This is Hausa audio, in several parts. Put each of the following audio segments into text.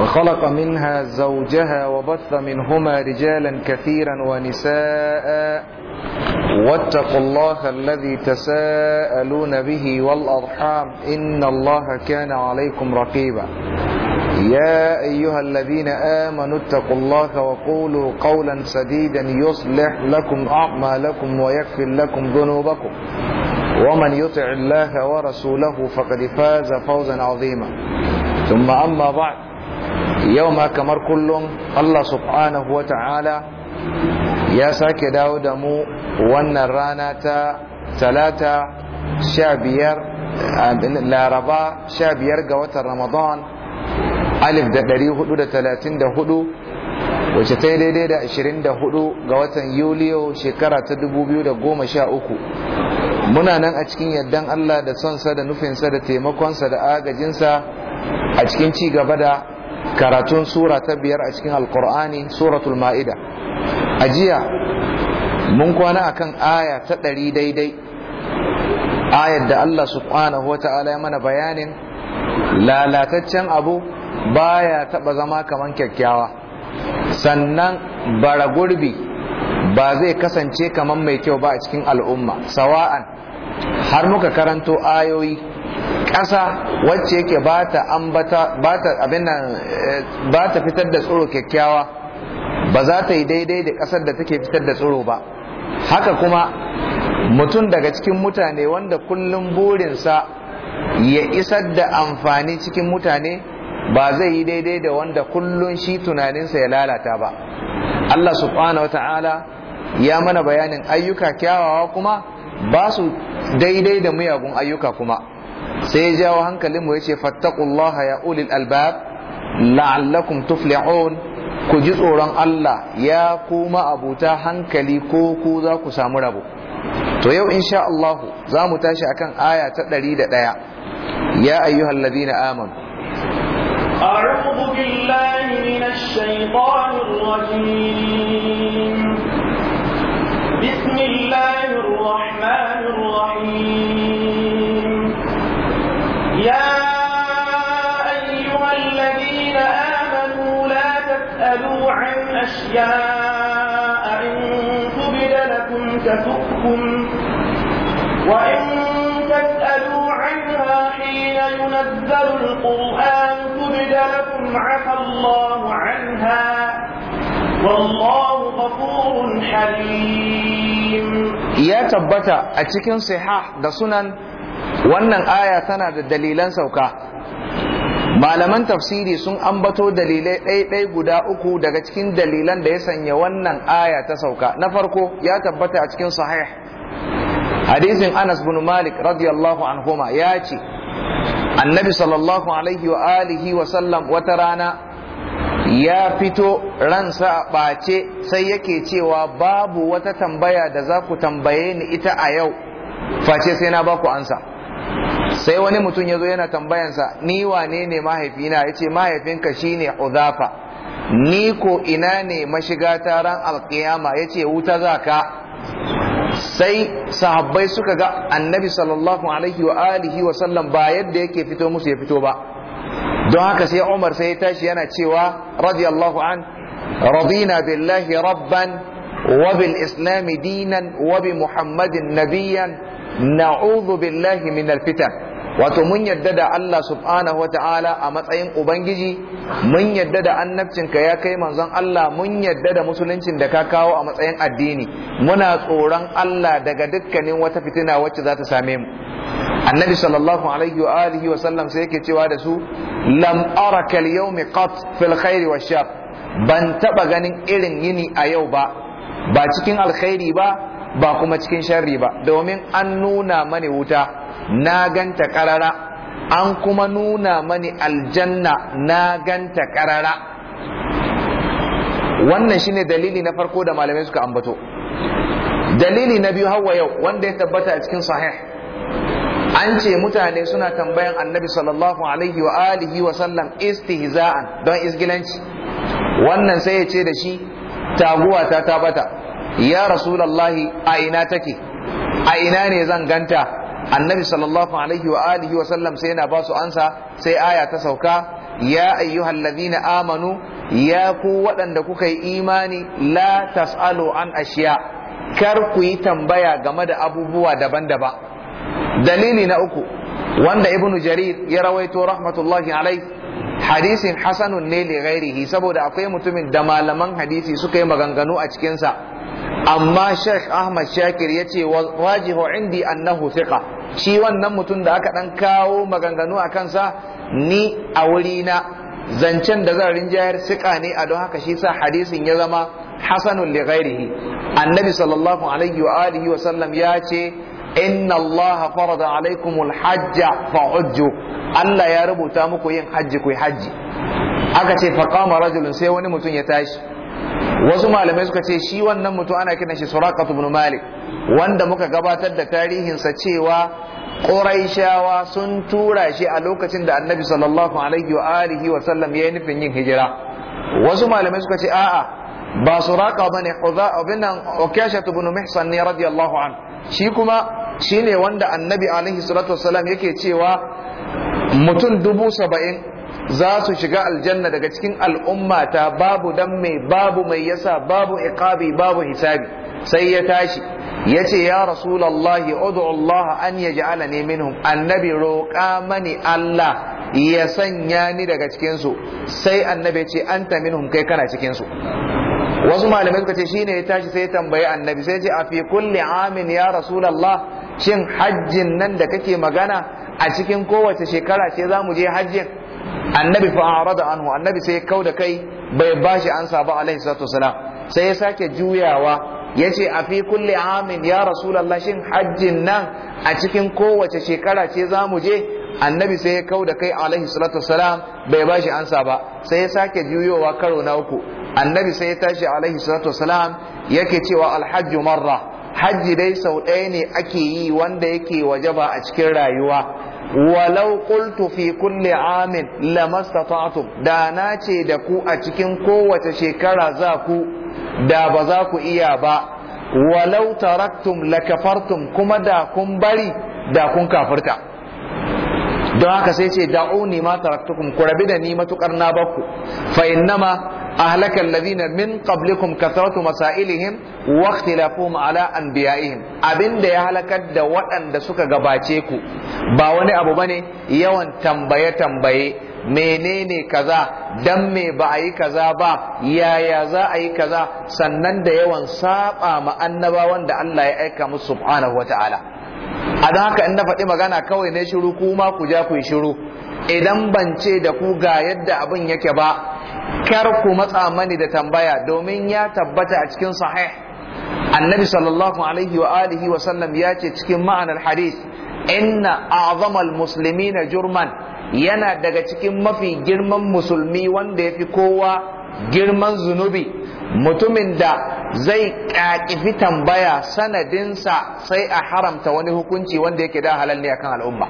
وخلق منها زوجها وبث منهما رجالا كثيرا ونساء واتقوا الله الذي تساءلون به والأرحام إن الله كان عليكم رقيبا يا أيها الذين آمنوا اتقوا الله وقولوا قولا سديدا يصلح لكم أعمالكم ويكفر لكم ذنوبكم ومن يطع الله ورسوله فقد فاز فوزا عظيما ثم أما بعد yau ma kamar kullum Allah subhanahu wa ta'ala ya sake dawo da mu wannan rana ta talata sha biyar laraba sha biyar ga watan ramadan alif da ɗari hudu da talatin da hudu wacce ta yi daidai da ashirin da hudu ga watan yuliyo shekara ta dubu biyu da goma sha uku muna nan a cikin yardan Allah da sonsa da nufinsa da taimakonsa da agajinsa a cikin ci gaba da karatun sura ta biyar a cikin alkur'ani suratul ma'ida a jiya mun kwana akan aya ta ɗari daidai ayar da Allah subhanahu wa ta'ala ya mana bayanin lalataccen abu baya taɓa zama kamar kyakkyawa sannan bara gurbi ba zai kasance kamar mai kyau ba a cikin al'umma sawa'an har muka karanto ayoyi ƙasa wacce yake ba ta ambata ba ta abin nan eh, ba ta fitar da tsoro kyakkyawa ba za ta yi daidai da ƙasar da take fitar da tsoro ba haka kuma mutum daga cikin mutane wanda kullum burinsa ya isar da amfani cikin mutane ba zai yi daidai da wanda kullum shi tunaninsa ya lalata ba Allah subhanahu wata'ala ya mana bayanin ayyuka kyawawa kuma ba su daidai da miyagun ayyuka kuma sai ya jawo hankalin mu yace fattaqullaha ya ulil albab la'allakum tuflihun ku ji tsoron Allah ya kuma abuta hankali ko ku za ku samu rabo to yau insha Allah za mu tashi akan aya ta 101 ya ayyuhal ladina amanu أعوذ بالله من الشيطان الرجيم بسم الله الرحمن الرحيم شاء إن تبد لكم تسؤكم وإن تسألوا عنها حين ينزل القرآن تبد لكم عفى الله عنها والله غفور حليم يا تبتا أتكن صحاح دسنا سنن wannan aya tana da dalilan sauka malaman tafsiri sun ambato dalilai ɗaiɗai guda uku daga cikin dalilan da ya sanya wannan aya ta sauka na farko ya tabbata a cikin sahih hadisin anas bin malik radiyallahu anhuma ya ce annabi sallallahu alaihi wa alihi wa sallam wata rana ya fito ransa a ɓace sai yake cewa babu wata tambaya da za ku tambaye ni ita a yau face sai na ba ku ansa sai wani mutum ya zo yana tambayansa ni wane ne mahaifina ya ce mahaifinka shine uzafa ni ko ina ne mashiga taron alkiyama ya ce wuta za ka sai sahabbai suka ga annabi sallallahu alaihi wa alihi wa sallam ba yadda yake fito musu ya fito ba don haka sai umar sai ya tashi yana cewa radiyallahu an radina billahi rabban wa bil islami dinan wa bi muhammadin nabiyan na'udhu billahi min alfitan wato mun yadda da Allah subhanahu ta'ala a matsayin ubangiji mun yadda da annabcin ka ya kai manzon Allah mun yadda da musuluncin da ka kawo a matsayin addini muna tsoron Allah daga dukkanin wata fitina wacce za ta same mu annabi sallallahu alaihi wa alihi wa sallam sai yake cewa da su lam araka al-yawm qat fil khair wa shar ban taba ganin irin yini a yau ba ba cikin alkhairi ba ba kuma cikin sharri ba domin an nuna mani wuta na ganta karara an kuma nuna mani aljanna na ganta karara wannan shine dalili na farko da malamai suka ambato dalili na biyu hawa yau wanda ya tabbata a cikin sahih an ce mutane suna tambayan annabi sallallahu alaihi wa alihi wa sallam istihza'an don isgilanci wannan sai ya ce da shi taguwa ta tabata ya rasulallahi a ina take a ina ne zan ganta annabi sallallahu alaihi wa alihi wa sallam sai yana ba su ansa sai aya ta sauka ya ayyuhal na amanu ya ku waɗanda kuka yi imani la tas'alu an ashiya kar ku yi tambaya game da abubuwa daban-daban dalili na uku wanda ibnu jarir ya rawaito rahmatullahi alaihi hadisin hasanun ne li ghairihi saboda akwai mutumin da malaman hadisi suka yi maganganu a cikinsa amma Sheikh Ahmad Shakir ya ce wajihu indi annahu thiqa shi wannan mutum da aka dan kawo maganganu a kansa ni a wuri na zancen da zan rinjayar siƙa ne a don haka shi sa hadisin ya zama hasanun li ghairihi annabi sallallahu alaihi wa alihi wa sallam ya ce inna Allah farada alaikumul hajja fa'ujju Allah ya rubuta muku yin hajji kuyi hajji aka ce faqama rajulun sai wani mutum ya tashi wasu malamai suka ce shi wannan mutum ana kiran shi Suraqah ibn Malik wanda muka gabatar da tarihinsa cewa Quraishawa sun tura shi a lokacin da Annabi sallallahu alaihi wa alihi wa sallam ya nufin yin hijira wasu malamai suka ce a'a ba Suraqah bane Hudza ibn Ukasha ibn Mihsan ne radiyallahu an shi kuma Shi ne wanda annabi alaihi salatu wasalam yake cewa mutum dubu saba'in za su shiga aljanna daga cikin al'ummata babu dan mai babu mai yasa babu iqabi babu hisabi sai ya tashi ya ce ya rasulallahi ud'u Allah an yaj'ala ne minhum annabi roƙa mani Allah ya sanya ni daga cikinsu sai annabi ya ce anta minhum kai kana cikinsu. wasu malamai suka ce shine ya tashi sai ya tambayi annabi sai ya ce a fi kulli amin ya rasulullah shin hajjin nan da kake magana a cikin kowace shekara ce za mu je hajjin annabi fa da anhu annabi sai kau da kai bai bashi ansa ba alaihi salatu wasalam sai ya sake juyawa ya ce a fi kulli amin ya rasulallah shin hajjin nan a cikin kowace shekara ce za mu je annabi sai ya kau da kai alaihi salatu wasalam bai bashi ansa ba sai ya sake juyowa karo na uku annabi sai ya tashi alaihi salatu wasalam yake cewa alhajju marra hajji dai sau ɗaya ne ake yi wanda yake waje ba a cikin rayuwa walau qultu fi kulli amin lamastata'tum da na ce da ku a cikin kowace shekara za ku da ba za ku iya ba walau taraktum lakafartum kuma da kun bari da kun kafirta don haka sai ce da'uni ma taraktukum ku rabi da ni matukar na bakku fa innama أهلك الذين من قبلكم كثرة مسائلهم واختلافهم على أنبيائهم أبن دي أهلك دوات أن دسوك غباتيكو باوني أبو بني يوان تنبية تنبية menene kaza dan me ba a yi kaza ba yaya za a yi kaza sannan da yawan saba ma annabawan da Allah ya aika musu subhanahu wataala a don haka in na faɗi magana kawai ne shiru kuma ku ja ku shiru idan ban ce da ku ga yadda abin yake ba kar ku matsa mani da tambaya domin ya tabbata a cikin sahih annabi sallallahu alaihi wa alihi wa sallam ya ce cikin ma'anar hadith inna a'zamal muslimina jurman yana daga cikin mafi girman musulmi wanda yafi kowa girman zunubi mutumin da zai ƙaƙifi tambaya sanadinsa sai a haramta wani hukunci wanda yake da halal ne akan al'umma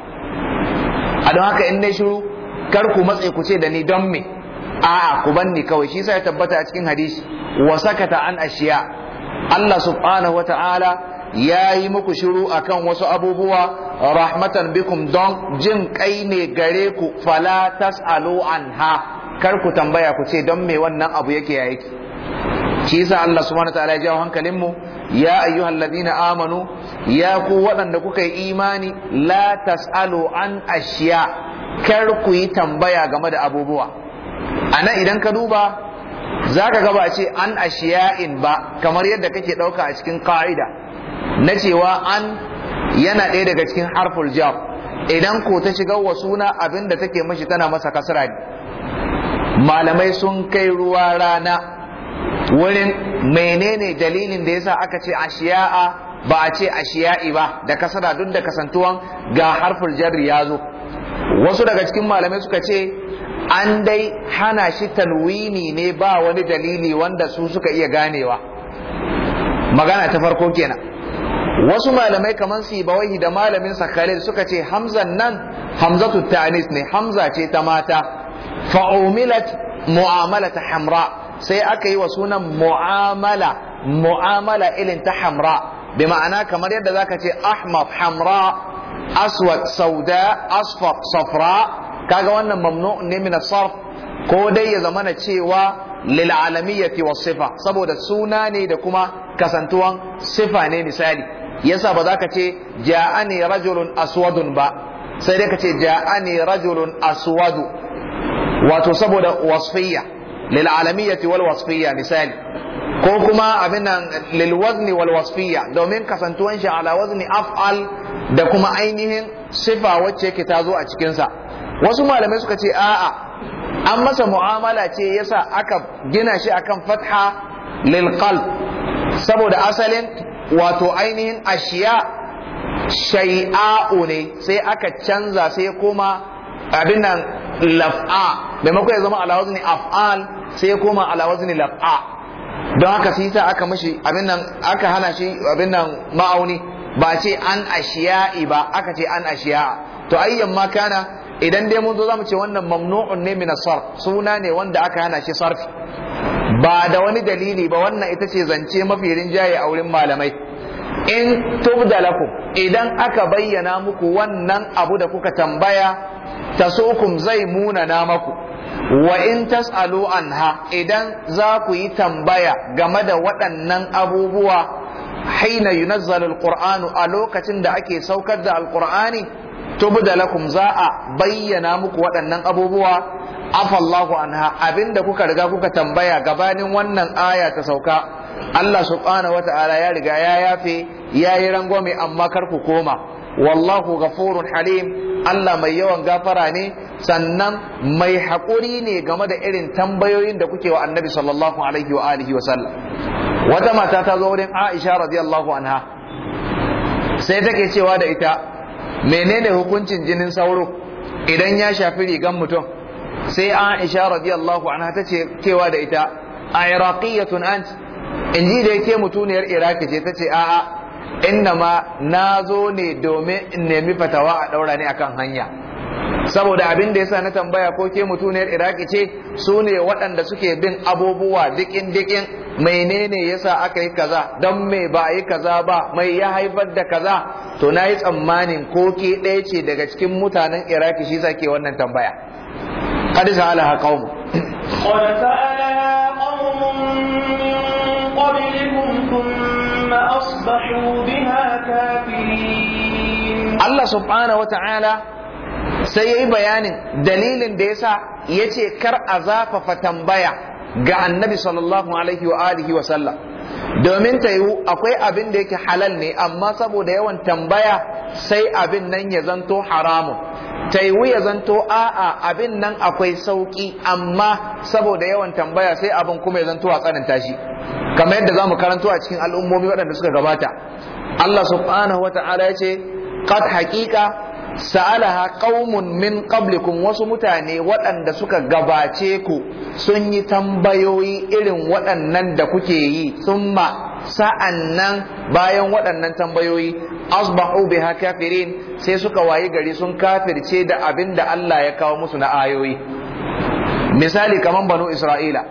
a don haka in na shiru kar ku matse ku ce da ni don me a'a ku banni kawai shi sai ya tabbata a cikin hadisi wa sakata an ashiya Allah subhanahu wata'ala ya yi muku shiru akan wasu abubuwa rahmatan bikum don jin kai ne gare ku fala tas'alu anha kar ku tambaya ku ce don me wannan abu yake ya yake shi yasa Allah subhanahu wataala ya jawo hankalin mu ya ladina amanu ya ku waɗanda kuka yi imani la tas'alu an ashiya kar ku yi tambaya game da abubuwa a idan ka duba za ka gaba ce an ashiya'in ba kamar yadda kake ɗauka a cikin ƙa'ida na cewa an yana ɗaya daga cikin harful jab idan ko ta shiga wa suna abin da take mashi tana masa kasara ne malamai sun kai ruwa rana wurin menene dalilin da yasa aka ce ashiya'a ba a ce ashiya'i ba da kasara duk da kasantuwan ga harful jarri ya zo wasu daga cikin malamai suka ce an dai hana shi tanwini ne ba wani dalili wanda su suka iya ganewa magana ta farko kenan wasu malamai kamar su bawahi da malamin sakalil suka ce hamzan nan hamzatu tanis ne hamza ce ta mata fa'umilat mu'amala ta hamra sai aka yi wa sunan mu'amala mu'amala ilin ta hamra bi ma'ana kamar yadda zaka ce ahmad hamra aswad sauda asfar safra kaga wannan mamnu ne min sarf ko dai ya zamana cewa lil alamiyati was sifa saboda suna ne da kuma kasantuwan sifa ne misali yasa ba za ka ce ja'ani rajulun aswadun ba sai dai ka ce ja'ani rajulun aswadu wato saboda wasfiyya lil alamiyyati wal misali ko kuma abin nan lil wazni domin kasantuwan shi af'al da kuma ainihin sifa wacce yake ta zo a cikinsa. wasu malamai suka ce a'a an masa mu'amala ce yasa aka gina shi akan fatha lil qalb saboda asalin wato ainihin ashiya shai'a'u ne sai aka canza sai koma abin nan laf'a maimakon ya zama ala wazni af'al sai ya koma ala wazni lab'a don haka sai sa aka mishi abin nan aka hana shi abin nan ma'auni ba ce an ashiya'i ba aka ce an ashiya'a to ayyan ma kana idan dai mun zo zamu ce wannan mamnu'un ne min sarf suna ne wanda aka hana shi sarfi ba da wani dalili ba wannan ita ce zance mafi rinjaye a wurin malamai in tubda lakum idan aka bayyana muku wannan abu da kuka tambaya tasukum zai muna munana maku wa in tas'alu anha idan za ku yi tambaya game da waɗannan abubuwa haina yunazzalu alqur'anu a lokacin da ake saukar da alqur'ani to lakum za a bayyana muku waɗannan abubuwa afallahu anha abinda kuka riga kuka tambaya gabanin wannan aya ta sauka Allah subhanahu wata'ala ya riga ya yafe ya yi rangwame amma kar ku koma wallahu gafurun halim Allah mai yawan gafara ne sannan mai haƙuri ne game da irin tambayoyin da kuke wa annabi sallallahu alaihi wa alihi wa sallam wata mata ta zo wurin Aisha radiyallahu anha sai take cewa da ita menene hukuncin jinin sauro idan ya shafi rigan mutum sai Aisha radiyallahu anha ta ce cewa da ita a iraqiyatun ant inji da yake mutuniyar iraki ce ta ce a'a inna ma na zo ne domin in nemi fatawa a ɗaura ne akan hanya saboda abin da yasa na tambaya ko ke mutuniyar iraki ce su ne waɗanda suke bin abubuwa dikin dikin menene yasa aka yi kaza don me ba a yi kaza ba mai ya haifar da kaza to na yi tsammanin ko ke ɗaya ce daga cikin mutanen iraki shi ke wannan tambaya hadisa ala haƙaumu subhanahu wata'ala sai yayi yi bayanin dalilin da yasa ya ce kar a zafafa tambaya ga annabi sallallahu alaihi wa alihi wa sallam domin ta yiwu akwai abin da yake halal ne amma saboda yawan tambaya sai abin nan ya zanto haramun ta yiwu ya zanto a'a abin nan akwai sauki amma saboda yawan tambaya sai abin kuma ya zanto a tsananta shi kamar yadda za mu karanto a cikin al'ummomi waɗanda suka gabata Allah subhanahu wa ta'ala ya ce qad haqiqa sa'alaha qaumun min qablikum wasu mutane waɗanda suka gabace ku sun yi tambayoyi irin waɗannan da kuke yi summa nan bayan waɗannan tambayoyi asbahu biha kafirin sai suka wayi gari sun kafirce da abinda Allah ya kawo musu na ayoyi misali kaman banu isra'ila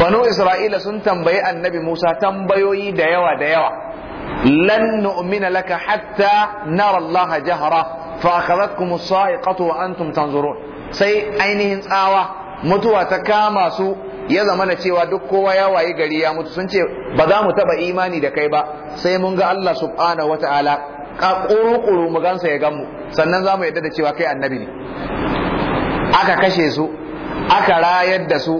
banu isra'ila sun tambayi annabi Musa tambayoyi da yawa da yawa لن نؤمن لك hatta نرى الله jahra fa akhadhatkum as تنظرون wa antum tanzurun sai ainihin tsawa mutuwa ta kama su ya zama na cewa duk kowa ya waye gari ya mutu sun ce ba za mu taba imani da kai ba sai mun ga Allah subhanahu wata'ala ka kurukuru mu gansa ya ganmu sannan za mu yadda da cewa kai annabi ne aka kashe su aka rayar da su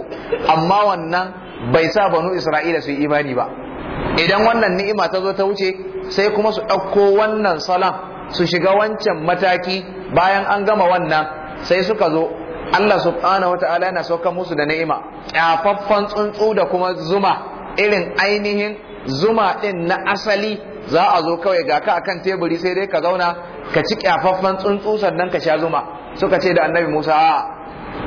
amma wannan bai sa banu isra'ila su yi imani ba idan wannan ni'ima ta zo ta wuce sai kuma su ɗauko wannan salam su shiga wancan mataki bayan an gama wannan sai suka zo Allah subhanahu wata'ala yana saukan musu da ni'ima kyafaffan tsuntsu da kuma zuma irin ainihin zuma ɗin na asali za a zo kawai ga ka akan teburi sai dai ka zauna ka ci kyafaffan tsuntsu sannan ka sha zuma suka ce da annabi Musa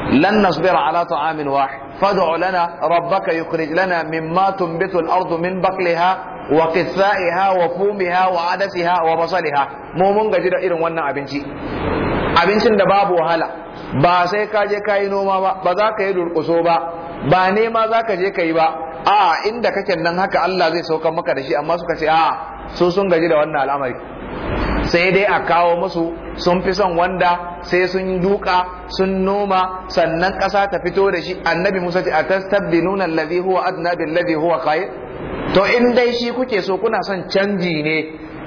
لن نصبر على طعام واحد فادع لنا ربك يخرج لنا مما تنبت الأرض من بقلها وقثائها وفومها وعدسها وبصلها mu mun gaji da irin wannan abinci abincin da babu wahala ba sai ka je kayi noma ba ba za ka yi durƙuso ba ba nema za ka je ka yi ba a inda kake nan haka Allah zai sauka maka da shi amma suka ce a su sun gaji da wannan al'amari sai dai a kawo musu sun fi son wanda sai sun duka sun noma sannan ƙasa ta fito da shi annabi musa ce a nuna allazi huwa adna billazi huwa kayi to in dai shi kuke so kuna son canji ne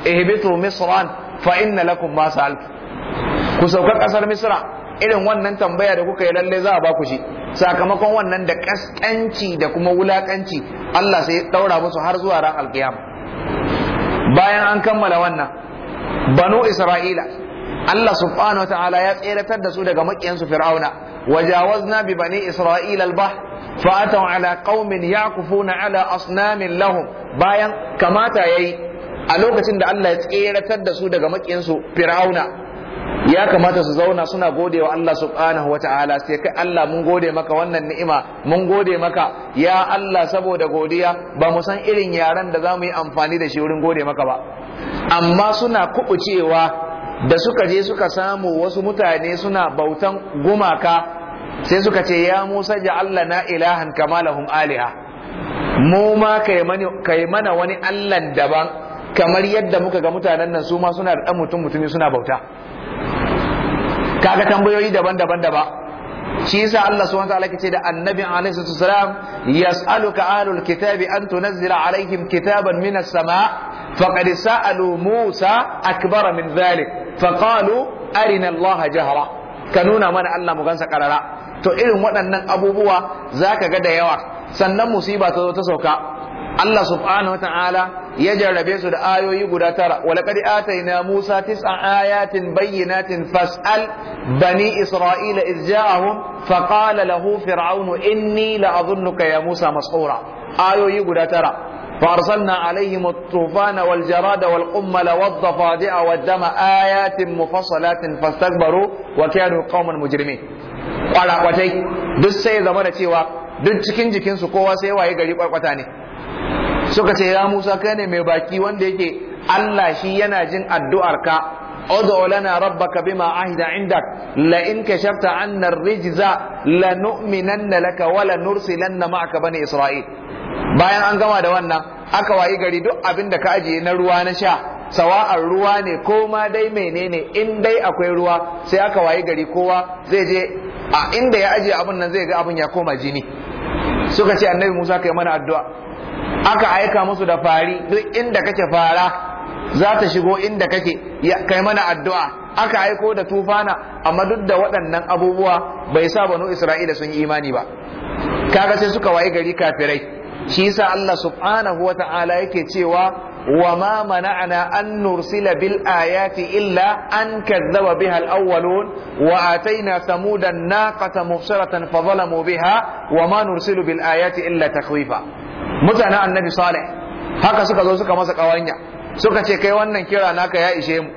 ehibito misran fa inna lakum ma sa'altu ku sauka ƙasar misra irin wannan tambaya da kuka yi lalle za a ba ku shi sakamakon wannan da kaskanci da kuma wulakanci Allah sai ya daura musu har zuwa ran alkiyama bayan an kammala wannan banu isra'ila Allah subhanahu wa ta'ala ya tseratar da su daga makiyansu fir'auna wajawazna bi bani isra'ila al-bahr fa ataw ala qaumin yaqufuna ala asnamin lahum bayan kamata yayi a lokacin da Allah ya tseratar da su daga makiyansu fir'auna ya kamata su zauna suna godewa wa Allah subhanahu wa ta'ala sai kai Allah mun gode maka wannan ni'ima mun gode maka ya Allah saboda godiya ba mu san irin yaren da za mu yi amfani da shi wurin gode maka ba amma suna kubucewa da suka je suka samu wasu mutane suna bautan gumaka sai suka ce ya Musa Allah na ilahan kama lahum aliha mu ma kai mana wani allan daban kamar yadda muka ga mutanen nan su ma suna da mutum mutumi suna bauta kaga tambayoyi daban-daban daban shi yasa Allah subhanahu wataala yake ce da annabi alaihi salam yas'aluka ahlul kitabi an tunzila alaihim kitaban minas sama faqad sa'alu Musa akbara min dhalik faqalu arina Allah jahra ka nuna mana Allah mu gansa karara to irin waɗannan abubuwa zaka ga da yawa sannan musiba ta zo ta sauka Allah subhanahu ta'ala ya jarrabe su da ayoyi guda tara wa laqad atayna Musa tis'a ayatin bayyinatin fas'al bani Isra'ila iz ja'ahum fa lahu fir'aun inni la'adhunnuka ya Musa mas'ura ayoyi guda tara فأرسلنا عليهم الطوفان والجراد والقمل والضفادع والدم آيات مفصلات فاستكبروا وكانوا قوما مجرمين قال duk sai zama da cewa duk cikin jikinsu kowa sai waye gari kwarkwata ne suka ce ya Musa kai ne mai baki wanda yake Allah shi yana jin addu'arka ادع لنا ربك بما عهد inda. لئن كشفت عنا الرجز لنؤمنن isra'il bayan an gama da wannan aka wayi gari duk abin da ka ajiye na ruwa na sha sawa'ar ruwa ne ko ma dai menene in dai akwai ruwa sai aka wayi gari kowa zai je a inda ya ajiye abin nan zai ga abin ya koma jini suka ce annabi Musa ka yi mana addu'a aka aika musu da fari duk inda kake fara za ta shigo inda kake kai mana addu'a aka aiko da tufana amma duk da waɗannan abubuwa bai sa banu isra'ila sun yi imani ba kaga sai suka waye gari kafirai shi yasa Allah subhanahu wata'ala yake cewa wa ma mana'ana an nursila bil ayati illa an kazzaba biha al awwalun wa ataina samuda an naqata mubsiratan fa biha wa ma nursilu bil ayati illa takhwifa mutanen annabi salih haka suka zo suka masa kawanya suka ce kai wannan kira naka ya ishe mu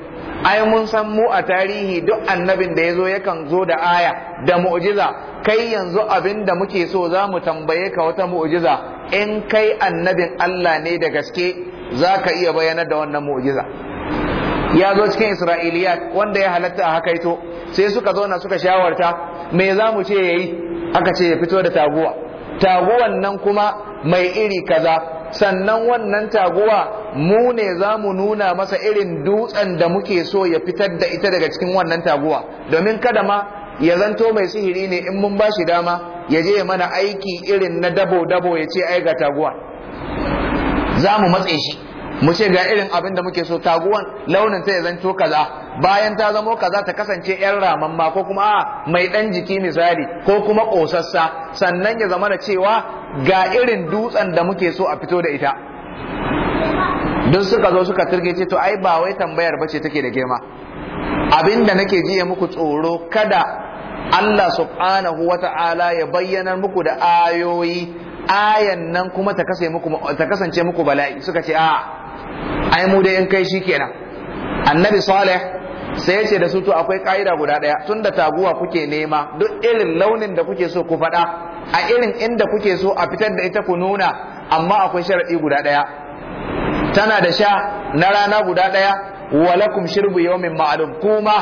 ai mun san mu a tarihi duk annabin da ya zo yakan zo da aya da mu'jiza kai yanzu abin da muke so za mu tambaye ka wata mu'jiza in kai annabin Allah ne da gaske za ka iya bayanar da wannan mu'jiza ya zo cikin Isra'iliya wanda ya halatta a hakaito sai suka zauna suka shawarta me za mu ce yayi aka ce ya fito da taguwa taguwan nan kuma mai iri kaza sannan wannan taguwa mu ne za mu nuna masa irin dutsen da muke so ya fitar da ita daga cikin wannan taguwa domin kada ma ya zanto mai sihiri ne in mun ba shi dama ya je mana aiki irin na dabo-dabo ya ce ai ga taguwa za mu matse shi mu ce ga irin abin da muke so taguwan launin ta ya zanto kaza bayan ta zamo kaza ta kasance yan ramamma ko kuma a mai dan jiki misali ko kuma kosassa sannan ya zama da cewa ga irin dutsen da muke so a fito da ita duk suka zo suka turge to ai ba wai tambayar bace take da girma abin da nake jiya muku tsoro kada Allah subhanahu wa ta'ala ya bayyana muku da ayoyi ayan nan kuma ta kasance muku bala'i suka ce a ai mu dai in kai shi kenan annabi salih sai ya ce da su to akwai ka'ida guda ɗaya tunda taguwa kuke nema duk irin launin da kuke so ku faɗa a irin inda kuke so a fitar da ita ku nuna amma akwai sharaɗi guda ɗaya tana da sha na rana guda ɗaya walakum shirbu yawmin ma'lum kuma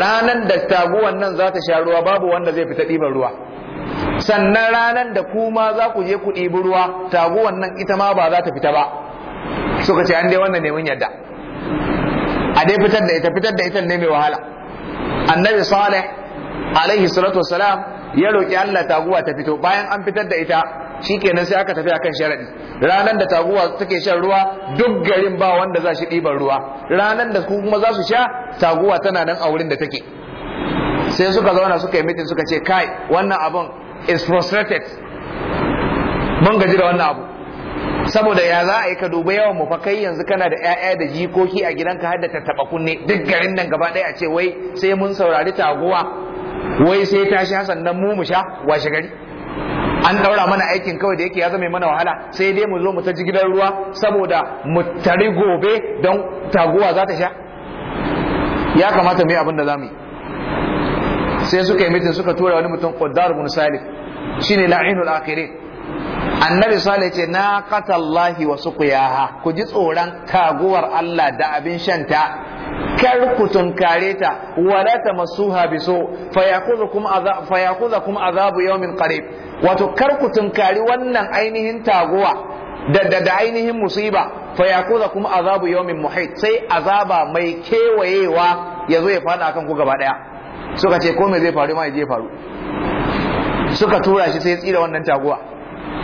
ranan da taguwan nan za ta sha ruwa babu wanda zai fita ɗiban ruwa sannan ranan da kuma za ku je ku ɗibi ruwa taguwan nan ita ma ba za ta fita ba suka ce an dai wannan ne mun yadda a dai fitar da ita fitar da ita ne mai wahala annabi salih alaihi salatu wasalam ya roki Allah taguwa ta fito bayan an fitar da ita shikenan sai aka tafi akan sharadi ranan da taguwa take shan ruwa duk garin ba wanda za shi ɗiban ruwa ranan da kuma za su sha taguwa tana nan a wurin da take sai suka zauna suka yi mitin suka ce kai wannan abun is frustrated mun gaji da wannan abu saboda ya za a yi ka duba yawan mu yanzu kana da ƴaƴa da jikoki a gidanka har da tattaba kunne duk garin nan gaba ɗaya a ce wai sai mun saurari taguwa wai sai ta sha sannan mu mu sha washe gari an ɗaura mana aikin kawai da yake ya zama mana wahala sai dai mu zo mu ta ji gidan ruwa saboda mu tari gobe don taguwa za ta sha ya kamata mu yi abin za mu yi sai suka yi mitin suka tura wani mutum qaddar bin salih shine la'inul akhirin annabi salih ce na qatallahi wa suqiyaha ku ji tsoron taguwar Allah da abin shanta kar ku tunkare ta wala tamassuha biso fayakuzukum kuma azabu yawmin qarib wato kar ku tunkari wannan ainihin taguwa da da, ainihin musiba kuma azabu yawmin muhit sai azaba mai kewayewa yazo ya fada akan ku gaba daya suka ce ko me zai faru ma ya faru suka tura shi sai ya tsira wannan taguwa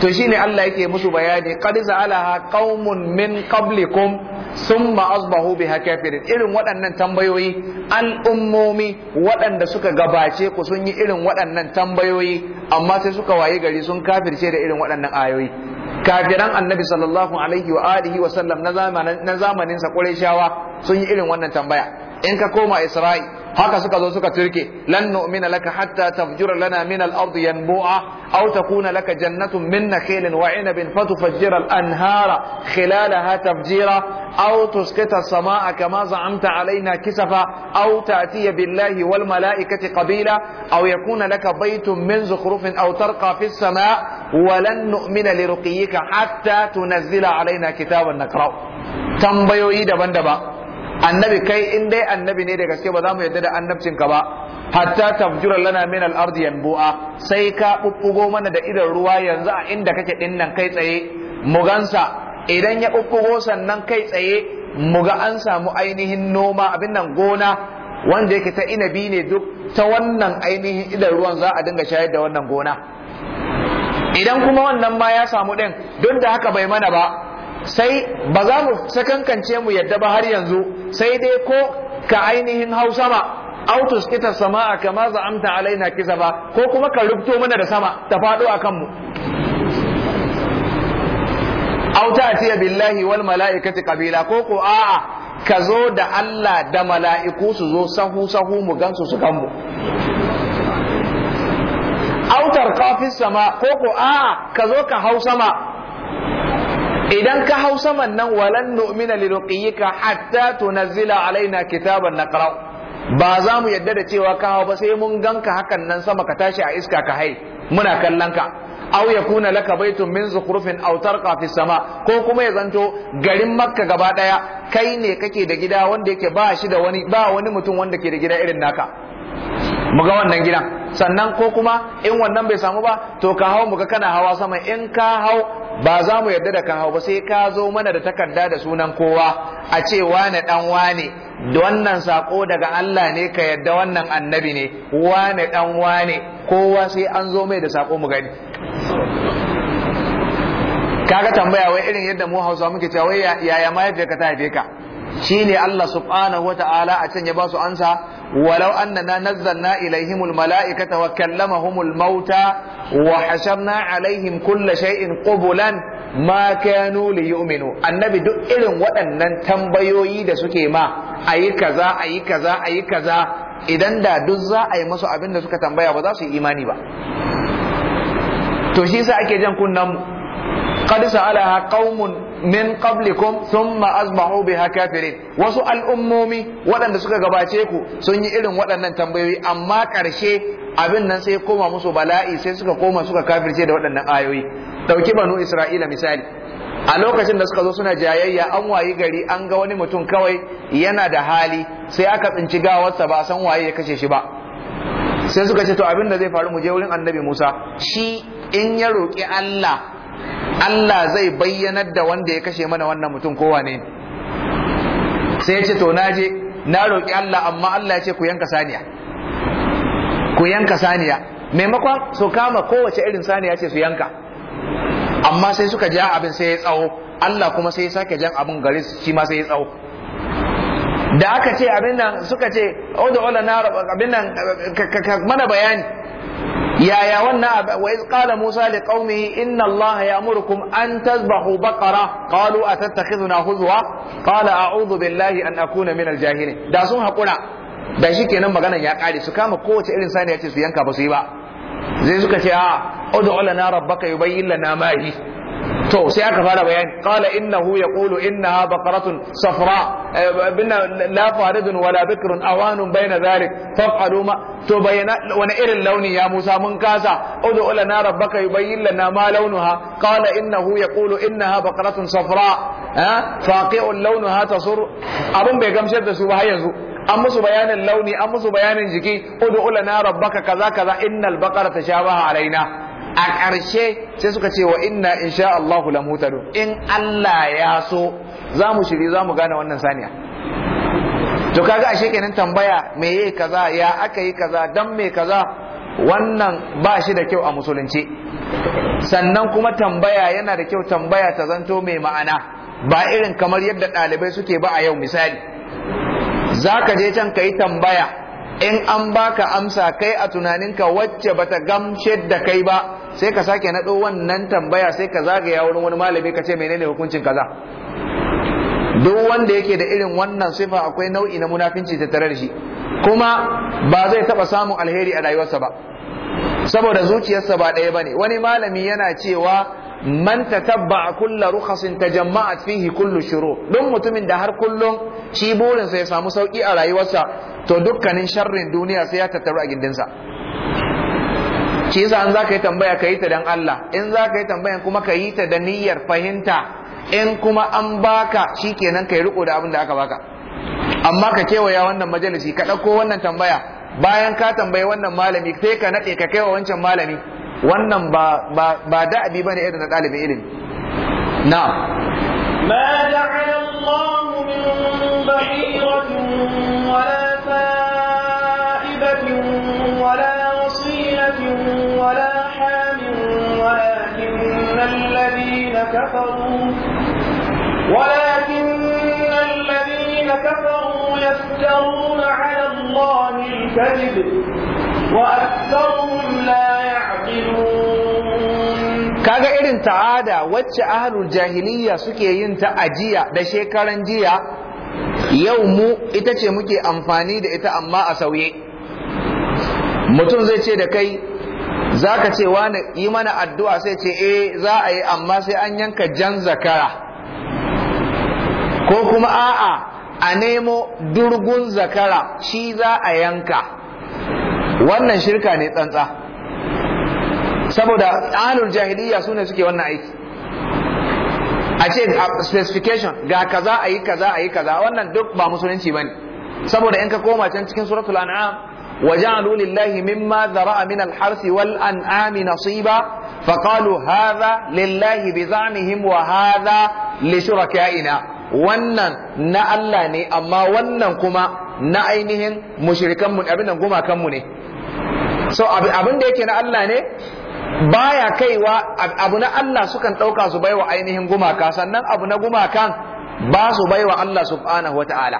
to shine Allah yake musu bayani qad za'alaha qaumun min qablikum summa asbahu biha kafirin irin waɗannan tambayoyi al'ummomi waɗanda suka gabace ku sun yi irin waɗannan tambayoyi amma sai suka waye gari sun kafirce da irin waɗannan ayoyi kafiran annabi sallallahu alaihi wa alihi wa sallam na zamanin sa sun yi irin wannan tambaya in ka koma Isra'i haka suka zo suka turke lan nu'mina laka hatta tafjura lana min al-ardi yanbu'a aw takuna laka jannatun min nakhilin wa 'inabin fatufajjira al-anhara khilalaha tafjira aw tusqita as-samaa'a kama za'amta 'alaina kisafa aw ta'tiya billahi wal mala'ikati qabila aw yakuna laka baytun min zukhrufin aw tarqa fi as-samaa'i wa lan nu'mina liruqiyika hatta tunazzila 'alaina kitaban nakra'u tambayoyi daban-daban annabi kai in dai annabi ne da gaske ba za mu yadda da annabcin ka ba hatta tafjura lana min al-ard yanbu'a sai ka bubbugo mana da idan ruwa yanzu a inda kake din kai tsaye mu gansa idan ya bubbugo sannan kai tsaye mu ga an samu ainihin noma abin nan gona wanda yake ta inabi ne duk ta wannan ainihin idan ruwan za a dinga shayar da wannan gona idan kuma wannan ma ya samu din duk da haka bai mana ba sai ba za mu sakankance mu yadda ba har yanzu sai dai ko ka ainihin hau sama autus ita a kama amta alaina kisa ba ko kuma ka rubto mana da sama ta faɗo a kanmu auta a tiya billahi wal mala'ikati kabila ko ko a'a ka zo da Allah da mala'iku su zo sahu sahu mu gansu su kanmu autar kafin sama ko ko a'a ka zo ka hau sama idan ka hau saman nan walan nu'mina liruqiyika hatta tunzila alaina kitaban naqra ba za mu yadda da cewa ka hau ba sai mun ganka hakan nan sama ka tashi a iska ka hai muna kallon ka aw yakuna laka baytun min zukhrufin aw tarqa fi sama ko kuma ya zanto garin makka gaba daya kai ne kake da gida wanda yake ba shi da wani ba wani mutum wanda ke da gida irin naka mu ga wannan gidan sannan ko kuma in wannan bai samu ba to ka hau muga kana hawa sama in ka hau ba za mu yarda da kan hau ba sai ka zo mana da takarda da sunan kowa a ce wane dan wane wannan sako daga Allah ne ka yarda wannan annabi ne wane dan wane kowa sai an zo mai da sako mu gani kaga tambaya wai irin yadda mu Hausa muke cewa wai yaya ka ta haife ka Shi ne Allah subhanahu Ta'ala a can ya ba su ansa walau annana nazzalna ilaihimul mala'ikata wa kallamahumul mauta wa hasharna alaihim kulla shay'in qubulan ma kanu liyu'minu annabi duk irin waɗannan tambayoyi da suke ma ayi kaza ayi kaza ayi kaza idan da duk za a yi musu abin da suka tambaya ba za su yi imani ba to shi yasa ake jan kunnan qad sa'alaha qaumun min qablikum thumma asbahu biha kafirin wasu al'ummomi waɗanda suka gabace ku sun yi irin waɗannan tambayoyi amma ƙarshe abin nan sai koma musu bala'i sai suka koma suka kafirce da waɗannan ayoyi dauki banu isra'ila misali a lokacin da suka zo suna jayayya an wayi gari an ga wani mutum kawai yana da hali sai aka tsinci gawarsa ba san waye ya kashe shi ba sai suka ce to abin da zai faru mu je wurin annabi Musa shi in ya roƙi Allah Allah zai bayyanar da wanda ya kashe mana wannan mutum kowa ne sai ya ce to na je na roƙi Allah amma Allah ya ce ku yanka saniya ku yanka saniya maimakon su kama kowace irin saniya ce su yanka amma sai suka ja abin sai ya tsawo Allah kuma sai ya sake jan abin gare su shi ma sai ya tsawo da aka ce abin nan suka ce oda ola na abin nan mana bayani yaya wannan wa iz qala musa li qaumihi inna allah ya'murukum an tazbahu baqara qalu atattakhiduna huzwa qala a'udhu billahi an akuna min al-jahilin da sun hakura da shi kenan maganan ya kare su kama kowace irin sani ya ce su yanka ba su yi ba zai suka ce a ud'u lana rabbaka yubayyin lana ma hi to sai aka fara bayani qala innahu yaqulu innaha baqaratun safra eh, binna la faridun wala bikrun awanun baina dhalik faf'alu ma to bayana wani irin launi ya Musa mun kasa udu lana rabbaka yubayyin lana ma launuha qala innahu yaqulu innaha baqaratun safra faqi'un launuha tasur abun bai gamsar da su ba har yanzu an musu bayanin launi an musu bayanin jiki udu lana rabbaka kaza kaza innal baqara tashabaha alaina a ƙarshe sai suka ce wa inna insha Allahu mutadu in Allah ya so za mu shiri za mu gane wannan saniya to kaga ashe kenan tambaya me yayi kaza ya aka yi kaza dan me kaza wannan ba shi da kyau a musulunci sannan kuma tambaya yana da kyau tambaya ta zanto mai ma'ana ba irin kamar yadda ɗalibai suke ba a yau misali za ka je can ka yi tambaya in an baka amsa kai a tunaninka wacce bata gamshe da kai ba sai ka sake naɗo wannan tambaya sai ka zagaya wurin wani malami ka ce menene hukuncin kaza duk wanda yake da irin wannan sifa akwai nau'i na munafinci tattare da shi kuma ba zai taɓa samun alheri a rayuwarsa ba saboda zuciyarsa ba ɗaya bane wani malami yana cewa man tatabba kulla rukhasin tajamma'at fihi kullu shuru don mutumin da har kullum shi burinsa ya samu sauki a rayuwarsa to dukkanin sharrin duniya sai ya tattaru a gindinsa shi yasa an zaka yi tambaya ka yi ta dan Allah in za ka yi tambaya kuma ka yi ta da niyyar fahimta in kuma an baka shikenan yi riko da abin da aka baka amma ka ya wannan majalisi ka ɗauko wannan tambaya bayan ka tambayi wannan malami sai ka naɗe ka kai wa wancan malami wannan ba ba ba da'abi bane irin na ɗalibin ilimi na'am ma Allahu min كفروا ولكن الذين كفروا يفترون على الله الكذب وأكثرهم لا يعقلون kaga irin ta'ada wacce ahlul jahiliya suke yin ta ajiya da shekaran jiya yau mu ita ce muke amfani da ita amma a sauye mutum zai ce da kai za ka ce wani yi mana addu'a sai ce e za a yi amma sai an yanka jan zakara ko kuma a'a a nemo durgun zakara shi za a yanka wannan shirka ne tsantsa saboda alul jahiliya su ne suke wannan aiki a ce specification ga kaza a yi kaza a yi kaza wannan duk ba musulunci ba ne saboda in ka koma can cikin suratul an'am وجعلوا لله مما ذرأ من الحرث والأنعام نصيبا فقالوا هذا لله بزعمهم وهذا لشركائنا wannan na Allah ne amma wannan kuma na ainihin mushrikanmu abin nan gumakanmu ne so abin da yake na Allah ne baya kaiwa abu na Allah sukan ɗauka su baiwa ainihin gumaka sannan abu na gumakan ba su baiwa Allah subhanahu wa ta'ala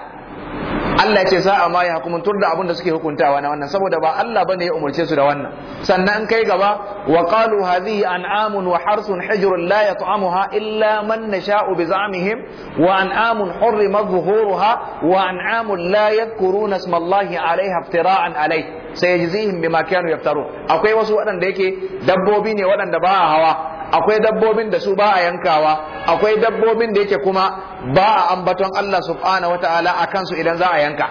Allah ya ce sa'a ma ya hukumuntur da abin da suke hukuntawa na wannan saboda ba Allah bane ya umarce su da wannan sannan kai gaba wa qalu hadhihi an'amun wa harsun hijrun la yat'amuha illa man nasha'u bi za'mihim wa an'amun hurrimat zuhuruha wa an'amun la yadhkuruna isma Allah 'alayha iftira'an alayhi sai yajzihim bima kanu yaftaru akwai wasu waɗanda yake dabbobi ne waɗanda ba a hawa akwai dabbobin da su ba a yankawa akwai dabbobin da yake kuma ba a ambaton Allah subhanahu wataala a kansu idan za a yanka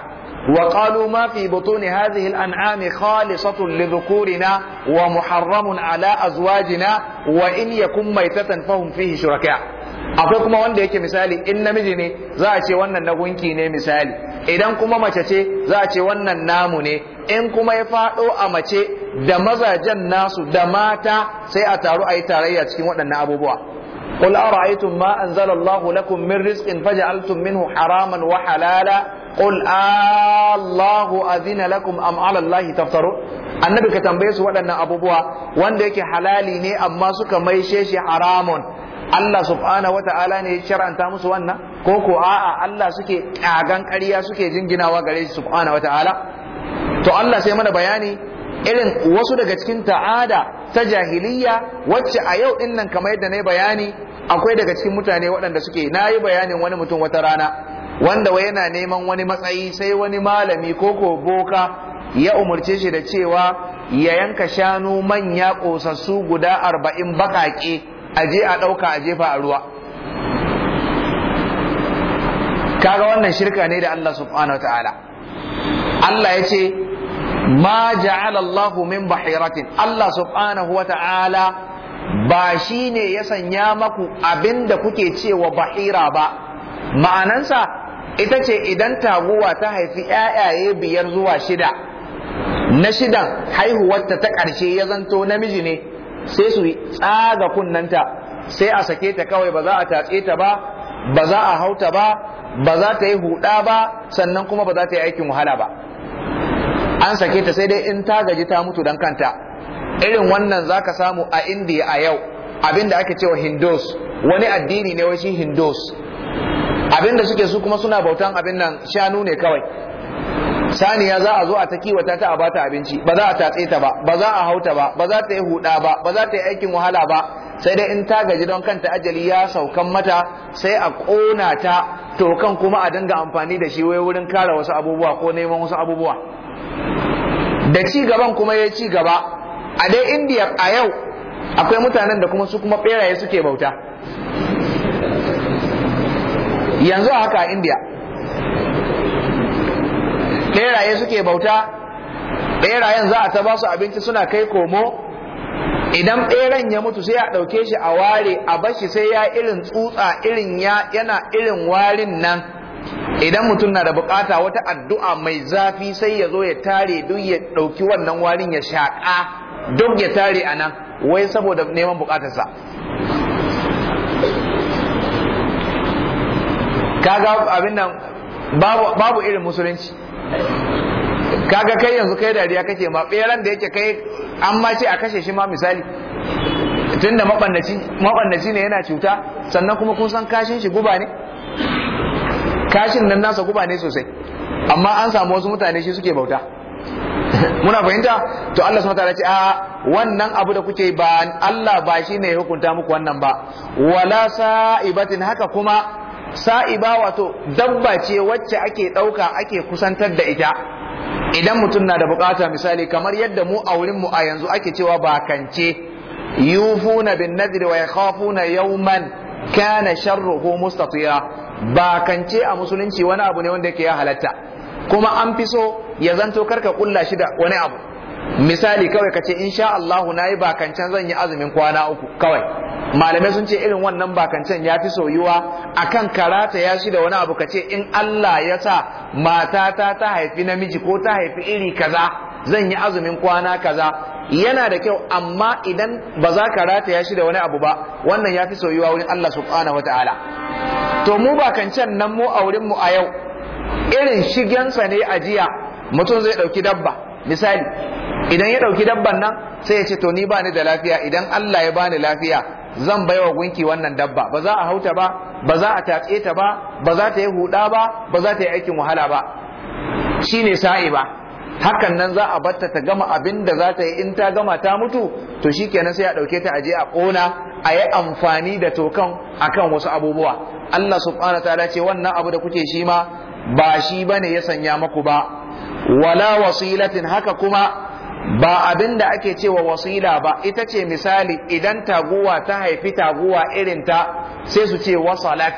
وقالوا ما an'ami khalisatun هذه wa خالصة ala ومحرم على أزواجنا وإن يكن ميتة فهم fihi shuraka akwai kuma wanda yake misali in namiji ne za a ce wannan na gunki ne misali idan kuma mace ce za a ce wannan namu ne in kuma ya faɗo a mace da mazajen nasu da mata sai a taru a yi tarayya cikin waɗannan abubuwa قل أرأيتم ma أنزل الله لكم من رزق فجعلتم منه حراما وحلالا قل آه الله أذن لكم أم على الله تفترون annabi ka tambaye su waɗannan abubuwa wanda yake halali ne amma suka maishe shi haramun Allah subhanahu wata'ala ne ya shar'anta musu wannan ko ko a'a Allah suke kagan ƙarya suke jinginawa gare shi subhanahu wata'ala to Allah sai mana bayani irin wasu daga cikin ta'ada ta jahiliya wacce a yau din nan kamar yadda na bayani akwai daga cikin mutane waɗanda suke na yi bayanin wani mutum wata rana wanda wai yana neman wani matsayi sai wani malami ko ko boka ya umarce shi da cewa ya yanka shanu manya ƙosassu guda arba'in baƙaƙe a je a ɗauka a jefa a ruwa kaga wannan shirka ne da Allah subhanahu wa Allah ya ce ma ja'ala Allah min bahiratin Allah subhanahu wa ba shi ne ya sanya maku abinda kuke cewa bahira ba ma'anansa ita ce idan taguwa ta haifi ‘ya'yaye biyar zuwa shida na shidan haihuwarta ta ƙarshe ya zanto namiji ne sai su tsaga kunnanta sai a sake ta kawai ba za a tatse ta ba ba za a hauta ba ba za ta yi huda ba sannan kuma ba za ta yi aikin wahala ba an sake ta sai dai in ta gaji ta mutu dan kanta irin wannan zaka samu a indiya a yau abinda ake cewa hindus wani addini ne wai shi hindus abinda suke su kuma suna bautan abin nan shanu ne kawai saniya za a zo a ta kiwata ta a bata abinci ba za a tatse ta ba ba za a hauta ba ba za ta yi huda ba ba za ta yi aikin wahala ba sai dai in ta gaji don kanta ajali ya saukan mata sai a kona ta to kan kuma a dinga amfani da shi wai wurin kare wasu abubuwa ko neman wasu abubuwa da ci gaban kuma ya ci gaba a dai indiya a yau akwai mutanen da kuma su kuma beraye suke bauta yanzu a haka a indiya beraye suke bauta berayen za a ta ba su abinci suna kai komo idan beran ya mutu sai a ɗauke shi a ware a bashi sai ya irin tsutsa irin ya yana irin warin nan idan mutum na da bukata wata addu'a mai zafi sai ya zo ya tare duk ya ɗauki wannan warin ya shaƙa duk ya tare a nan wai saboda neman bukatarsa kaga abin nan babu irin musulunci kaga kai yanzu kai dariya kake ma beran da yake kai an ma ce a kashe shi ma misali tunda mabannaci mabannaci ne yana cuta sannan kuma kun san kashin shi guba ne kashin nan nasa guba ne sosai amma an samu wasu mutane shi suke bauta muna fahimta to Allah subhanahu wataala ce a wannan abu da kuke ba Allah ba shine ya hukunta muku wannan ba wala sa'ibatin haka kuma sa'iba wato dabba ce wacce ake ɗauka ake kusantar da ita idan mutum na da bukata misali kamar yadda mu a wurinmu a yanzu ake cewa bakance yufuna bin nadri wa yakhafuna yawman kana sharruhu bakance a musulunci wani abu ne wanda yake ya halatta kuma an fi so ya zanto karka kulla shi da wani abu misali kawai ka ce insha Allah na yi bakancan zan yi azumin kwana uku kawai malamai sun ce irin wannan bakancan ya fi soyuwa akan karata ya shi da wani abu ka ce in Allah ya sa matata ta haifi namiji ko ta haifi iri kaza zan yi azumin kwana kaza yana da kyau amma idan ba za ka ya shi da wani abu ba wannan ya fi soyuwa wurin Allah subhanahu wataala to mu bakancan nan mu a wurin mu a yau irin shigensa ne a jiya mutum zai ɗauki dabba misali idan ya ɗauki dabban nan sai ya ce to ni bani da lafiya idan Allah ya bani lafiya zan bai wa gunki wannan dabba ba za a hauta ba ba za a tatse ta ba ba za ta yi huda ba ba za ta yi aikin wahala ba shine sa'i ba hakan nan za a batta ta gama abin da za ta yi in ta gama ta mutu to shikenan sai a ɗauke ta aje a ƙona a yi amfani da tokan akan wasu abubuwa Allah subhanahu ta'ala ce wannan abu da kuke shi ma ba shi bane ya sanya maku ba wala wasilatin haka kuma ba abin da ake cewa wasila ba ita ce misali idan taguwa ta haifi taguwa irinta sai su ce wasalat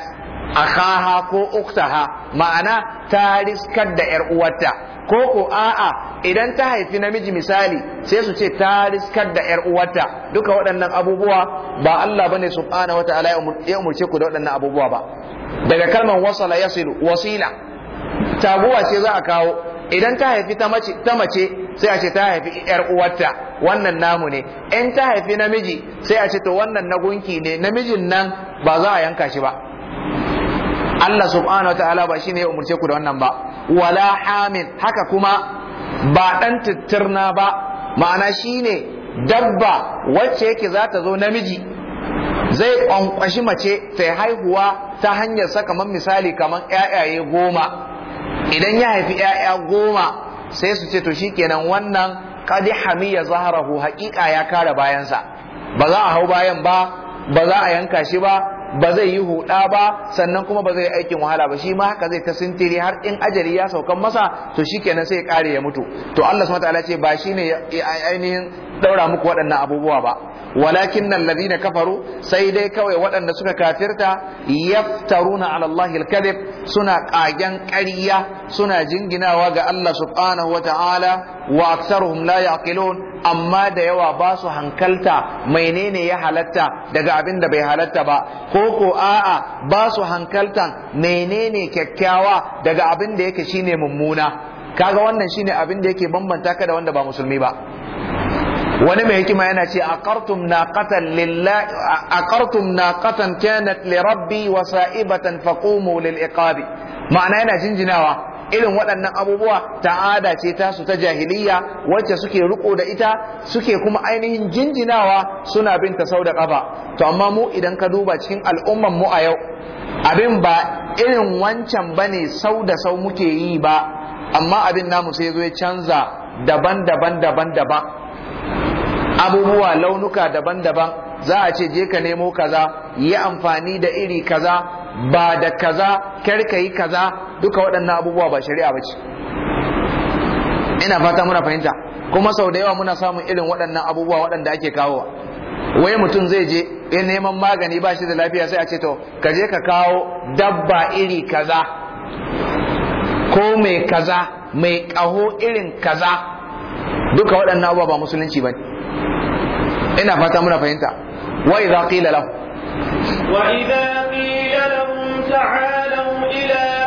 A kaha ko uktaha ma'ana ta riskar da 'yar uwarta ko ko a'a idan ta haifi namiji misali sai su ce ta riskar da yar uwarta duka waɗannan abubuwa ba Allah bane subhanahu taala ya umurce ku da waɗannan abubuwa ba daga kalman wasala yasilu wasila taguwa ce za a kawo idan ta haifi ta mace sai a ce ta haifi yar uwarta wannan namu ne in ta haifi namiji sai a ce to wannan na gunki ne namijin nan ba za a yanka shi ba Allah subhanahu wa ta'ala ba shine ya umurce ku da wannan ba wala hamil haka kuma ba dan tittirna ba ma'ana shine dabba wacce yake za ta zo namiji zai kwankwashi mace ta haihuwa ta hanyar sa kamar misali kamar 'ya'yaye goma idan ya haifi ‘ya'ya goma sai su ce to shi kenan wannan kadi hamiya zaharahu haƙiƙa ya kare bayansa ba za a hau bayan ba ba za a yanka shi ba ba zai yi huɗa ba sannan kuma ba zai aikin wahala ba shi ma haka zai ta sintiri har in ajali ya saukan masa to shi kenan sai ya kare ya mutu to Allah subhanahu wataala ce ba shine ainihin daura muku waɗannan abubuwa ba walakin nan na kafaru sai dai kawai waɗanda suka kafirta yaftaruna ala Allahi alkalif suna kagen ƙarya suna jinginawa ga Allah subhanahu wa ta'ala wa aktsaruhum la yaqilun amma da yawa ba su hankalta menene ya halatta daga abin da bai halatta ba ko ko a'a ba su hankaltan menene kyakkyawa daga abin da yake shine mummuna kaga wannan shine abin da yake bambanta ka da wanda ba musulmi ba wani mai hikima yana ce aqartum naqatan lillahi aqartum naqatan rabbi wa sa'ibatan faqumu lil iqabi ma'ana yana jinjinawa irin waɗannan abubuwa ta'ada ce tasu ta jahiliya wacce suke riko da ita suke kuma ainihin jinjinawa suna bin ta sau da ƙafa to amma mu idan ka duba cikin al'umman mu a yau abin ba irin wancan bane sau da sau muke yi ba amma abin namu sai zo ya canza daban daban daban daban abubuwa launuka daban-daban za a ce je ka nemo kaza yi amfani da iri kaza ba da kaza karka yi kaza duka waɗannan abubuwa ba shari'a ba ce ina fata muna fahimta kuma sau da yawa muna samun irin waɗannan abubuwa waɗanda ake kawo wai mutum zai je in neman magani ba shi da lafiya sai a ce to ka je ka kawo dabba iri kaza ko mai kaza mai ƙaho irin kaza duka waɗannan abubuwa ba musulunci ba ne ina fata muna fahimta wa idza qila lahu wa idza qila lahum ta'alu ila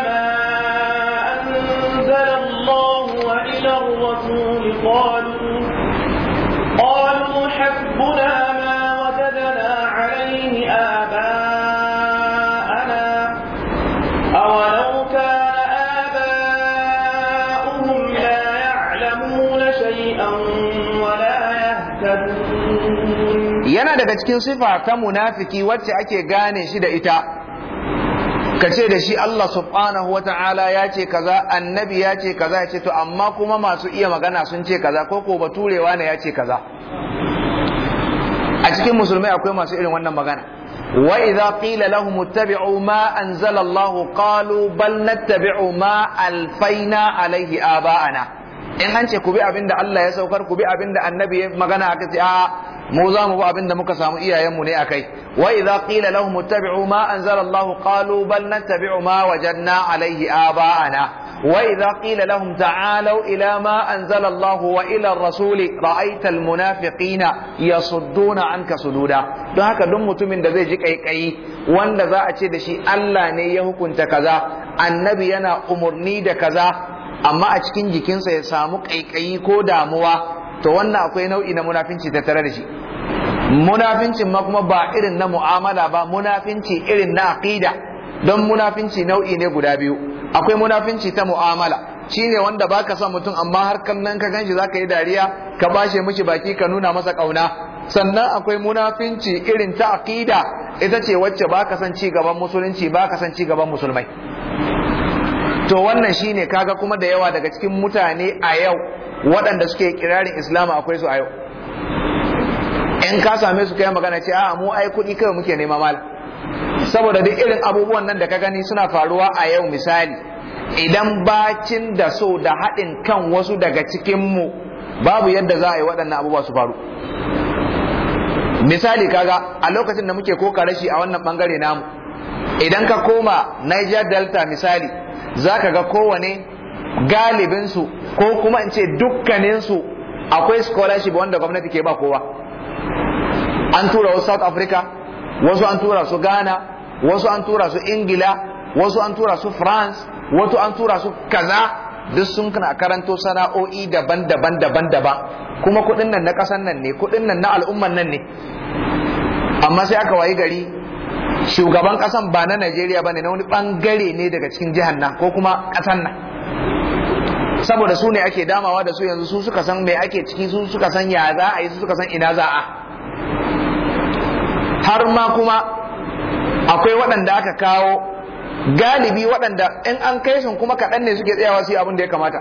daga cikin sifa ta munafiki wacce ake gane shi da ita ka ce da shi Allah subhanahu wa ta'ala ya ce kaza annabi ya ce kaza ya ce to amma kuma masu iya magana sun ce kaza ko ko baturewa ne ya ce kaza a cikin musulmai akwai masu irin wannan magana wa idza qila lahum ittabi'u ma anzala Allah qalu bal nattabi'u ma alfaina alaihi aba'ana in an ce ku bi abin da Allah ya saukar ku bi abin da annabi ya magana aka ce a mu za mu bi abin da muka samu iyayenmu ne akai wa idza qila lahum ittabi'u ma anzala Allah qalu bal nattabi'u ma wajadna alayhi aba'ana وإذا قيل لهم تعالوا إلى ما أنزل الله وإلى الرسول رأيت المنافقين يصدون عنك صدودا don haka duk mutumin da zai ji kaikayi wanda za a ce da shi Allah ne ya hukunta kaza annabi yana umarni da kaza amma a cikin jikinsa ya samu kaikayi ko damuwa to wannan akwai nau'i na munafinci tare da shi munafincin ma kuma ba irin na mu'amala ba munafinci irin na aqida don munafinci nau'i ne guda biyu akwai munafinci ta mu'amala shi ne wanda baka son mutum amma har kallon ka ganshi ka yi dariya ka bashe mishi baki ka nuna masa kauna sannan akwai munafinci irin ta aqida ita ce wacce baka san ci gaban musulunci baka son ci gaban musulmai to wannan shine kaga kuma da yawa daga cikin mutane a yau waɗanda suke kirarin islamu akwai su a yau in ka same su kai magana ce a mu ai kuɗi kawai muke nema mal saboda duk irin abubuwan nan da ka gani suna faruwa a yau misali idan bacin da so da haɗin kan wasu daga cikin mu babu yadda za a yi waɗannan abubuwa su faru misali kaga a lokacin da muke ko rashi a wannan bangare namu idan ka koma Niger Delta misali za ka ga kowane galibinsu ko kuma in ce dukkaninsu akwai scholarship wanda gwamnati ke ba kowa an tura wasu south africa wasu an tura su ghana wasu an tura su ingila wasu an tura su france wasu an tura su kaza duk sun kana karanto sana'o'i daban-daban daban-daban kuma kudin nan na kasan nan ne kudin nan na al'umman nan ne amma sai aka wayi gari shugaban kasan ba na Najeriya ne na wani bangare ne daga cikin jihar nan ko kuma kasan nan saboda su ne ake damawa da su yanzu su suka san me ake ciki su suka san ya za a yi su suka san ina za a har ma kuma akwai waɗanda aka kawo galibi waɗanda in an kai sun kuma kaɗan ne suke tsayawa su yi abin da ya kamata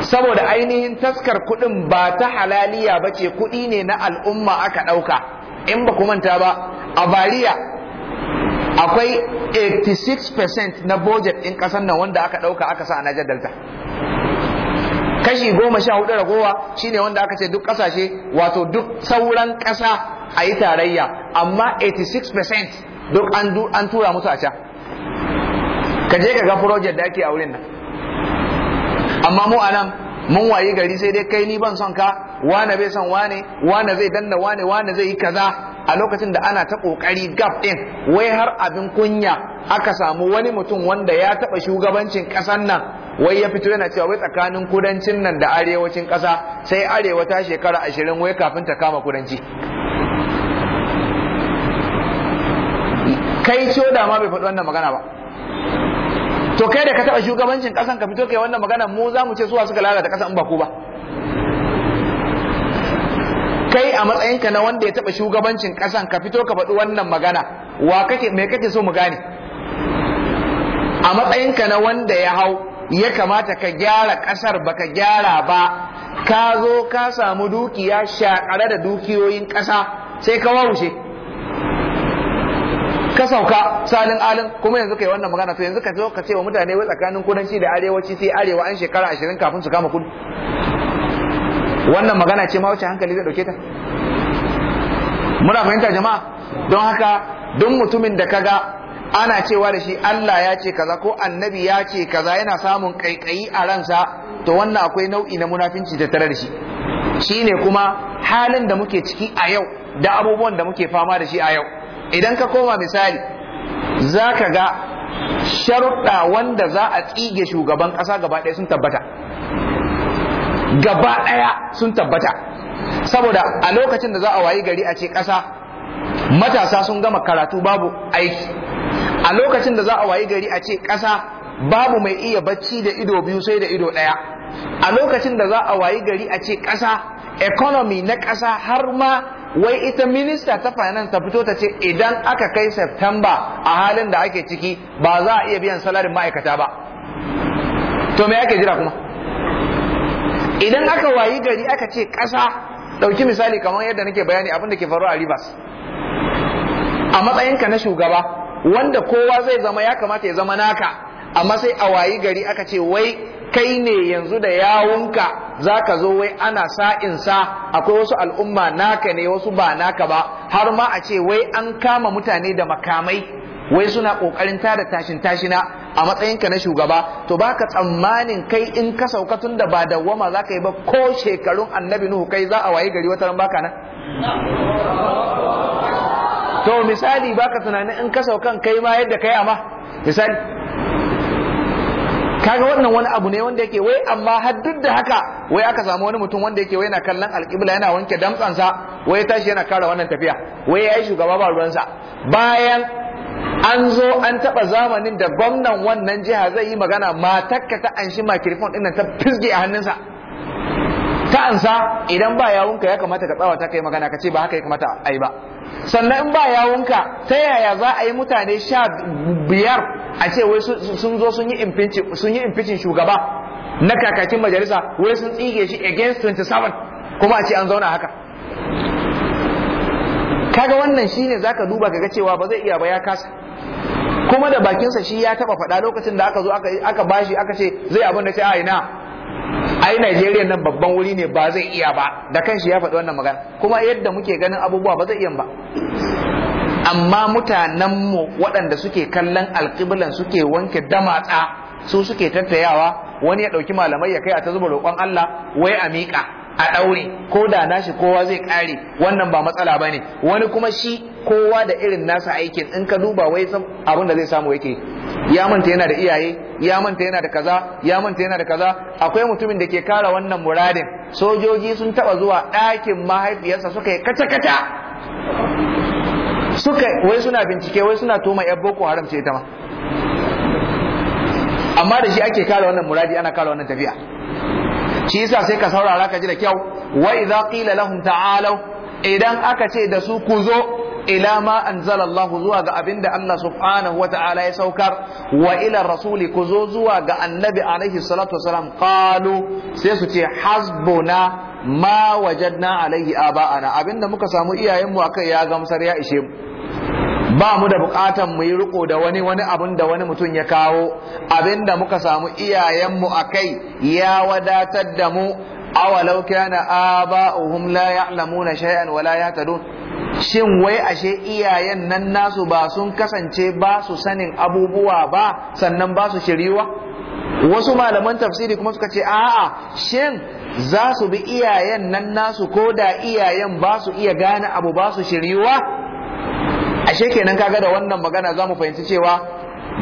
saboda ainihin taskar kuɗin ba ta halaliya ba ce kuɗi ne na al'umma aka ɗauka in ba ku manta ba a bariya akwai 86% na budget ɗin ƙasan nan wanda aka ɗauka aka sa a Niger Delta kashi goma sha hudu ragowa shine wanda aka ce duk ƙasashe wato duk sauran ƙasa a yi tarayya amma 86% duk an tura musu a can ka je ka ga project da ake a wurin nan amma mu a nan mun wayi gari sai dai kai ni ban son ka wane bai san wane wane zai danna wane wane zai yi kaza a lokacin da ana ta kokari gap din wai har abin kunya aka samu wani mutum wanda ya taba shugabancin kasan nan wai ya fito yana cewa wai tsakanin kudancin nan da arewacin kasa sai arewa ta shekara ashirin wai kafin ta kama kudanci kai ciyo da ma bai faɗi wannan magana ba to kai da ka taɓa shugabancin ƙasan ka fito kai wannan magana mu za mu ce suwa suka lalata ƙasan ba ku ba kai a matsayinka na wanda ya taɓa shugabancin ƙasan ka fito ka faɗi wannan magana wa kake me kake so mu gane a matsayinka na wanda ya hau ya kamata ka gyara ƙasar baka gyara ba ka zo ka samu dukiya shakare da dukiyoyin ƙasa sai ka warushe ka sauka salin alin kuma yanzu kai wannan magana to yanzu ka zo ka ce wa mutane wai tsakanin kudanci da arewaci sai arewa an shekara ashirin kafin su kama kudu wannan magana ce ma wacce hankali zai dauke ta muna fahimta jama'a don haka duk mutumin da kaga ana cewa da shi Allah ya ce kaza ko annabi ya ce kaza yana samun kaikayi a ransa to wannan akwai nau'i na munafinci tare da shi shine kuma halin da muke ciki a yau da abubuwan da muke fama da shi a yau idan ka koma misali za ka ga sharuɗa wanda za a tsige shugaban ƙasa gaba ɗaya sun tabbata gaba ɗaya sun tabbata saboda a lokacin da za a wayi gari a ce ƙasa matasa sun gama karatu babu aiki a lokacin da za a wayi gari a ce ƙasa babu mai iya bacci da ido biyu sai da ido ɗaya a lokacin da za a wayi gari a ce ƙasa economy na ƙasa har ma wai ita minista ta finance ta fito ta ce idan aka kai september a halin da ake ciki ba za a iya biyan salarin ma'aikata ba to me ake jira kuma idan aka wayi gari aka ce ƙasa ɗauki misali kamar yadda nake bayani abin da ke faru a ribas a matsayinka na shugaba wanda kowa zai zama ya kamata ya zama naka amma sai a wayi gari aka ce wai kai ne yanzu da yawunka za ka zo wai ana sa akwai wasu al'umma naka ne wasu ba naka ba har ma a ce wai an kama mutane da makamai wai suna kokarin tada tashin tashina a matsayinka na shugaba to baka tsammanin kai in ka sauka tun da ba dawwama ka yi ba ko shekarun annabi nuhu kai za a waye gari wata ran baka nan to misali baka tunanin in ka saukan kai ma yadda kai amma misali kaga wannan wani abu ne wanda yake wai amma har duk da haka wai aka samu wani mutum wanda yake wai yana kallon alƙibla yana wanke damtsansa wai tashi yana kara wannan tafiya wai ya yi shugaba ba ruwansa bayan an zo an taba zamanin da gwamnan wannan jiha zai yi magana matakka ta anshi makirifon dinnan ta fisge a hannunsa ta ansa idan ba yawunka ya kamata ka ta kai magana ka ce ba haka ya kamata a yi ba sannan in ba yawunka ta yaya za a yi mutane sha biyar a ce wai sun zo sun yi impeaching shugaba na kakakin majalisa wai sun tsige shi against 27 kuma a ce an zauna haka kaga wannan shi shine zaka duba kaga cewa ba zai iya ba ya kasa kuma da bakinsa shi ya taba faɗa lokacin da aka zo aka bashi aka ce zai abin da ce a ina ai Najeriya nan babban wuri ne ba zai iya ba da kanshi ya faɗi wannan magana kuma yadda muke ganin abubuwa ba zai iya ba amma mutanenmu waɗanda suke kallon alƙiblan suke wanke damatsa su suke tattayawa wani ya ɗauki malamai ya kai a ta zuba roƙon Allah wai a miƙa a ɗaure ko da nashi kowa zai ƙare wannan ba matsala ba ne wani kuma shi kowa da irin nasa aikin in ka duba wai abin da zai samu yake ya manta yana da iyaye ya manta yana da kaza ya manta yana da kaza akwai mutumin da ke kara wannan muradin sojoji sun taba zuwa ɗakin mahaifiyarsa suka yi kaca kaca suka wai suna bincike wai suna toma yar boko haram ce ta ma amma da shi ake kara wannan muradi ana kara wannan tafiya shi yasa sai ka saurara ka ji da kyau wa idza qila lahum ta'alu idan aka ce da su ku zo ila ma anzala Allah zuwa ga abinda Allah subhanahu wa ta'ala ya saukar wa ila rasuli ku zo zuwa ga annabi alaihi salatu wasalam qalu sai su ce hasbuna ma wajadna alaihi aba'ana abinda muka samu iyayenmu akai ya gamsar ya ishe mu ba mu da bukatan mu yi riko da wani wani abin da wani mutum ya kawo abinda muka samu iyayenmu a kai ya wadatar da mu awalau kana aba'uhum la ya'lamuna shay'an wala yahtadun shin wai ashe iyayen nan nasu ba sun kasance ba su sanin abubuwa ba sannan ba su shiriwa wasu malaman tafsiri kuma suka ce a'a shin za su bi iyayen nan nasu ko da iyayen ba su iya gane abu ba su shiriwa ashe kenan kaga da wannan magana za mu fahimci cewa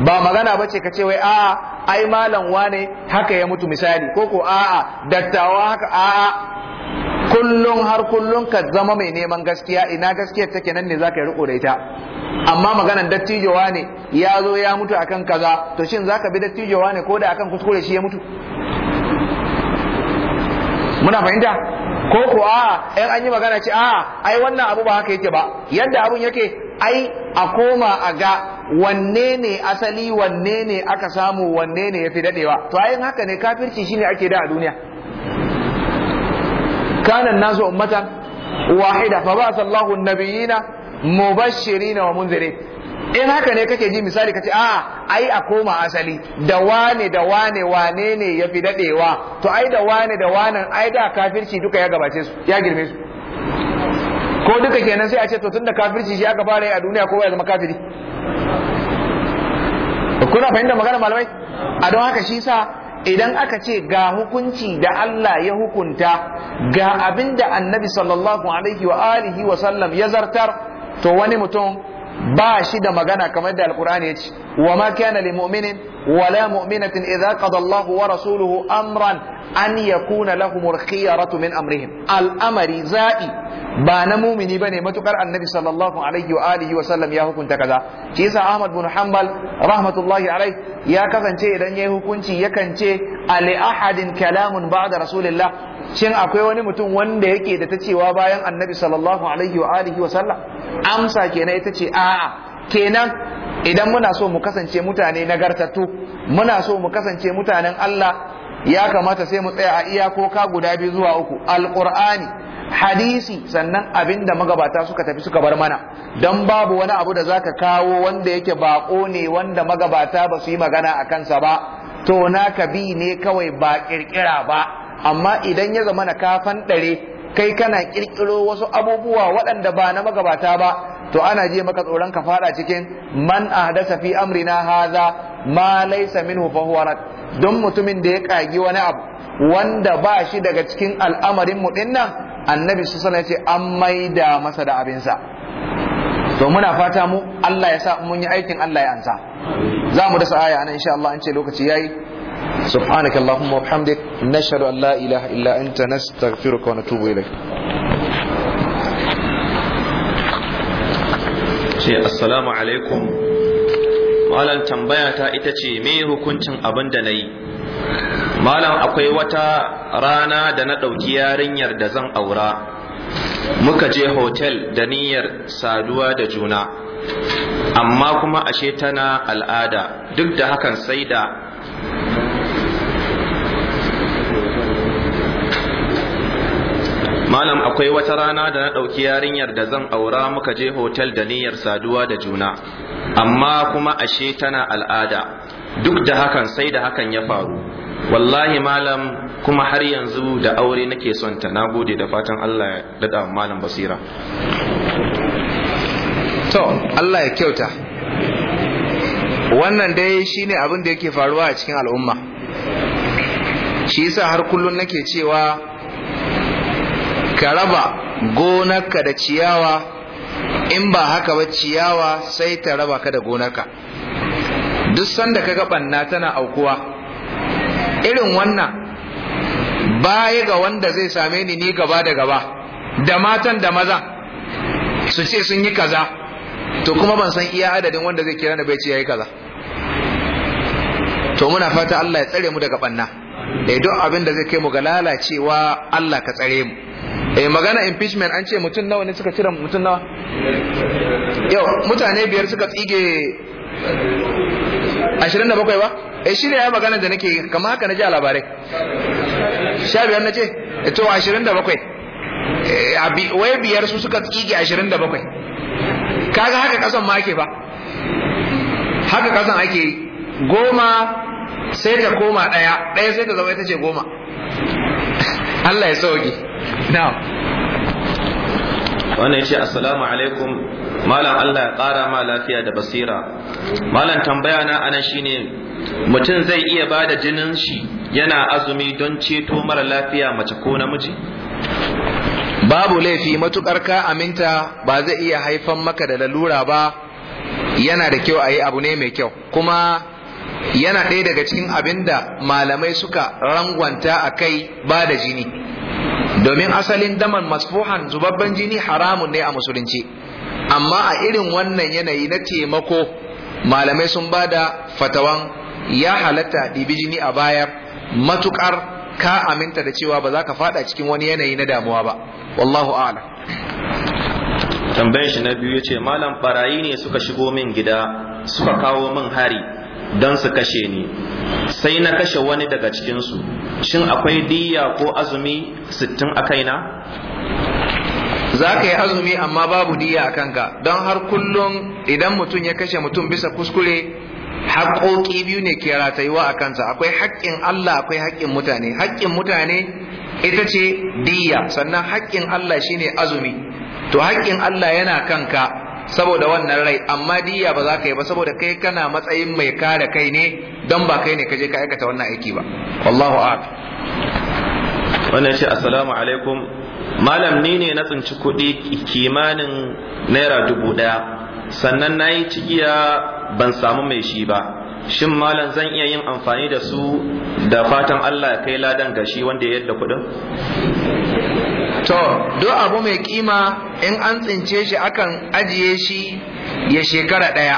ba magana ba ce ka ce wai a'a ai malam wane haka ya mutu misali ko ko a'a dattawa haka a'a kullum har kullum ka zama mai neman gaskiya ina gaskiyar take nan ne zaka yi riko da ita amma maganan dattijo ne ya zo ya mutu akan kaza to shin zaka bi dattijo ne ko da akan kuskure shi ya mutu muna fahimta ko ko a'a in an yi magana ce a ai wannan abu ba haka yake ba yadda abun yake ai a koma a ga wanne ne asali wanne ne aka samu wanne ne ya fi dadewa to ayin haka ne kafirci shine ake da a duniya kana nasu ummatan wahida fa ba sallahu nabiyina mubashirina wa munzirin in haka ne kake ji misali kace a ai a koma asali da wane da wane wane ne ya fi dadewa to ai da wane da wanan ai da kafirci duka ya gabace su ya girme su ko duka kenan sai a ce to tunda kafirci shi aka fara yi a duniya kowa ya zama kafiri kuna fahimtar magana malamai a don haka shi sa idan aka ce ga hukunci da Allah ya hukunta ga abinda annabi sallallahu alaihi wa alihi wa sallam ya zartar to wani mutum ba shi da magana kamar da alkur'ani ya ce wa ma kana lil mu'minin ولا مؤمنة إذا قضى الله ورسوله أمرا أن يكون لهم الخيرة من أمرهم الأمر زائي بان مؤمني بني متقر النبي صلى الله عليه وآله وسلم يا كنت كذا كيسا أحمد بن حنبل رحمة الله عليه يا كذا شيء إذا يهو كنت يكن شيء لأحد كلام بعد رسول الله shin akwai wani mutum wanda yake da ta cewa bayan annabi sallallahu alaihi wa alihi wa sallam amsa kenan ita ce a'a kenan idan muna so mu kasance mutane nagartattu muna so mu kasance mutanen Allah ya kamata sai mu tsaya a iya iyakoka guda biyu zuwa uku alqur'ani hadisi sannan abin da magabata suka tafi suka bar mana don babu wani abu da zaka kawo wanda yake bako ne wanda magabata ba su yi magana a kansa ba to naka bi ne kawai ba kirkira ba amma idan ya zama na kafan ɗare kai kana kirkiro wasu abubuwa waɗanda ba na magabata ba to ana je maka tsoron ka fada cikin man ahdasa fi amrina haza ma laysa minhu fa huwa rad don mutumin da ya kagi wani abu wanda ba shi daga cikin al'amarin mu dinnan annabi su sana ce an maida masa da abinsa to muna fata mu Allah ya sa mun yi aikin Allah ya ansa za mu dasa aya anan insha Allah an ce lokaci yayi سبحانك اللهم وبحمدك نشهد أن لا إله إلا أنت نستغفرك ونتوب إليك ce assalamu alaikum malam tambaya ta ita ce me hukuncin abin da na yi malam akwai wata rana da na ɗauki yarinyar da zan aura muka je hotel da niyyar saduwa da juna amma kuma ashe tana al'ada duk da hakan sai da malam akwai wata rana da na ɗauki yarinyar da zan aura muka je hotel da niyyar saduwa da juna amma kuma ashe tana al'ada duk da hakan sai da hakan ya faru wallahi malam kuma har yanzu da aure nake son ta nagode da fatan Allah ya dada malam basira to Allah ya kyauta wannan dai shine abin da yake faruwa a cikin al'umma shi yasa har kullun nake cewa ka raba gonarka da ciyawa in ba haka ba ciyawa sai ta raba ka da gonarka duk sanda ka ga banna tana aukuwa irin wannan baya ga wanda zai same ni ni gaba da gaba da matan da maza su ce sun yi kaza to kuma ban san iya adadin wanda zai kira da bai ce yayi kaza to muna fata Allah ya tsare mu daga banna da eh, duk abin da zai kai mu ga lalacewa Allah ka tsare mu eh magana impeachment an ce mutum nawa ne suka cire mutum nawa yau mutane biyar suka tsige 27 ba eh shine ya magana da nake kamar haka na ji a labarai sha biyar na ce eh, to 27 eh, wai biyar su suka tsige 27 kaga haka kasan ma ake ba haka kasan ake yi goma sai ta koma ɗaya ɗaya sai ta zama ita ce goma Allah ya sauke wannan ce assalamu alaikum malam Allah ya ƙara ma lafiya da basira malam tambaya na ana shine mutum zai iya ba da jinin shi yana azumi don ceto mara lafiya mace ko namiji babu laifi matukar ka aminta ba zai iya haifan maka da lalura ba yana da kyau a yi abu ne mai kyau kuma yana ɗaya daga cikin abin da malamai suka rangwanta a kai ba da jini domin asalin daman masfuhan zubabban jini haramun ne a musulunci amma a irin wannan yanayi na taimako malamai sun ba da fatawan ya halatta ɗibi jini a baya matukar ka aminta da cewa ba za ka fada cikin wani yanayi na damuwa ba wallahu ala. tambayar shi na biyu ya ce malam barayi ne suka shigo min gida suka kawo min hari don su kashe ni sai na kashe wani daga cikinsu shin akwai diyya ko azumi sittin a kaina za ka yi azumi amma babu diyya a kanka don har kullum idan mutum ya kashe mutum bisa kuskure haƙoƙi biyu ne ke ratayuwa a kansa akwai haƙƙin Allah akwai haƙƙin mutane haƙƙin mutane ita ce diya sannan haƙƙin Allah shine azumi to haƙƙin Allah yana kanka saboda wannan rai amma diya ba za ka yi ba saboda kai kana matsayin mai kare kai ne don ba kai ne ka je ka aikata wannan aiki ba wallahu a wannan ce assalamu alaikum malam ni ne na tsinci kuɗi kimanin naira dubu ɗaya sannan na yi cigiya ban samu mai shi ba shin malam zan iya yin amfani da su da fatan Allah ya kai ladan gashi wanda ya yadda kuɗin? to do abu mai kima in an tsince shi akan ajiye shi ya shekara ɗaya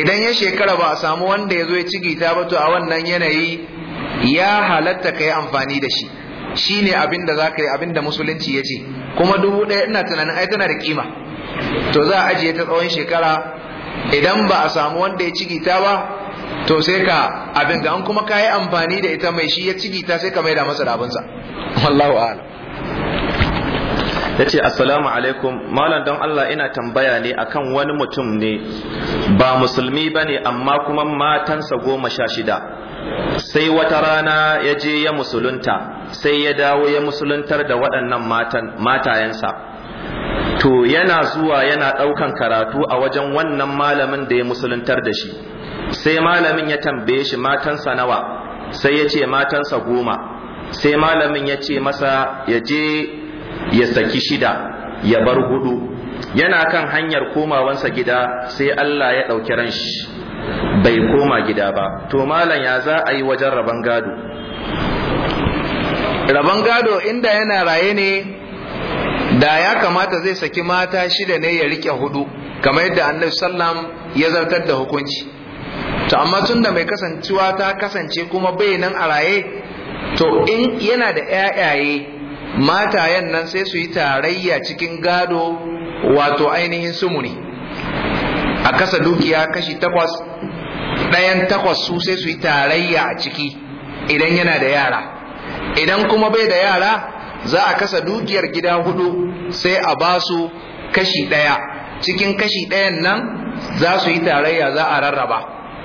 idan ya shekara ba a samu wanda ya zo ya ci gita ba to a wannan yanayi ya halatta ka yi amfani da shi shi ne abin da za ka yi abin da musulunci ya ce kuma dubu ɗaya ina tunanin ai tana da kima to za a ajiye ta tsawon shekara idan ba a samu wanda ya gita ba to sai ka abin ga an kuma ka yi amfani da ita mai shi ya gita sai ka da masa da abinsa wallahu a'lam yace ce assalamu alaikum malam don Allah ina tambaya ne akan wani mutum ne ba musulmi ba ne amma kuma matansa goma sha shida sai wata rana ya je ya musulunta sai ya dawo ya musuluntar da waɗannan matayensa to yana zuwa yana ɗaukan karatu a wajen wannan malamin da ya musuluntar da shi sai malamin ya tambaye shi matansa nawa sai ya ce matansa goma sai malamin ya ce masa ya je ya saki shida ya bar hudu yana kan hanyar komawansa gida sai Allah ya ɗauki ran shi bai koma gida ba to malam ya za a yi wajen rabon gado rabon gado inda yana raye ne da ya kamata zai saki mata shida ne ya rike hudu kamar yadda annabi sallam ya zartar da hukunci to amma tun da mai kasancewa ta kasance kuma bai nan a raye to in yana da 'ya'yaye matayen nan sai su yi tarayya cikin gado wato ainihin sumuni a kasa dukiya kashi takwas ɗayan takwas su sai su yi tarayya a ciki idan yana da yara idan kuma bai da yara za a kasa dukiyar gida hudu sai a ba su kashi ɗaya cikin kashi ɗayan nan za su yi tarayya za a rarraba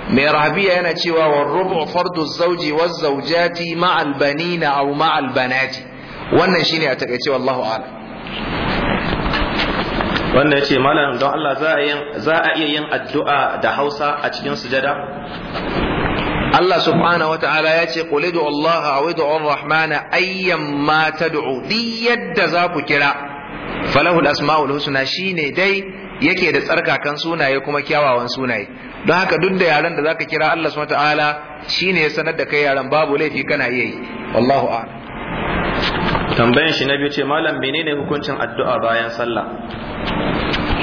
mai rabiya yana cewa wa rubu fardu zauji wa zaujati ma'albani na abu ma'albanati wannan shine a takaice wallahu a'lam wannan ya ce malam don Allah za a iya yin addu'a da hausa a cikin sujada Allah subhanahu wa ta'ala ya ce da Allah a widu rahmana ayyan ma ta du'u yadda za ku kira falahul asma'ul husna shine dai yake da tsarkakan sunaye kuma kyawawan sunaye don haka duk da yaran da zaka kira Allah subhanahu wa ta'ala shine ya sanar da kai yaran babu laifi kana iya yi wallahu a'lam tambayan shi na biyu ce malam menene hukuncin addu'a bayan sallah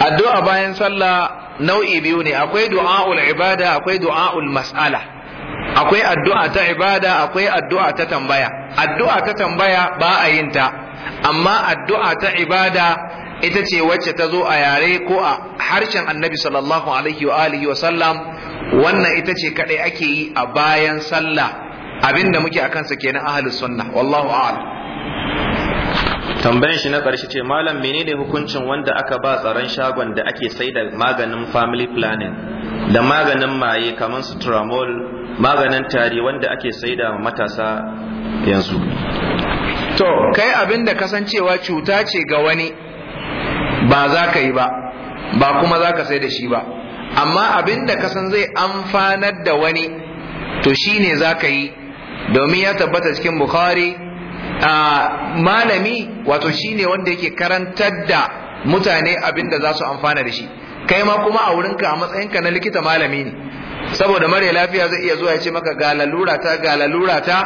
addu'a bayan sallah nau'i biyu ne akwai du'a'ul ibada akwai du'a'ul mas'ala akwai addu'a ta ibada akwai addu'a ta tambaya addu'a ta tambaya ba a yin ta amma addu'a ta ibada ita ce wacce ta zo a yare ko a harshen annabi sallallahu alaihi wa alihi wa sallam wannan ita ce kadai ake yi a bayan sallah abinda muke akan sa kenan ahlus sunna wallahu a'lam tambayan shi na ƙarshe ce malam menene hukuncin wanda aka ba tsaron shagon da ake sai da maganin family planning da maganin maye kamar su tramol maganin tari wanda ake sai da matasa yanzu to kai abin da kasancewa cuta ce ga wani ba za ka yi ba ba kuma za ka sai da shi ba amma abin da kasan zai amfanar da wani to shine za ka yi domin ya tabbata cikin bukhari malami wato shine wanda yake karantar da mutane abin da za su amfana da shi kai ma kuma a wurinka a matsayinka na likita malami ne saboda mara lafiya zai iya zuwa ya ce maka ga lalura ta ga lalura ta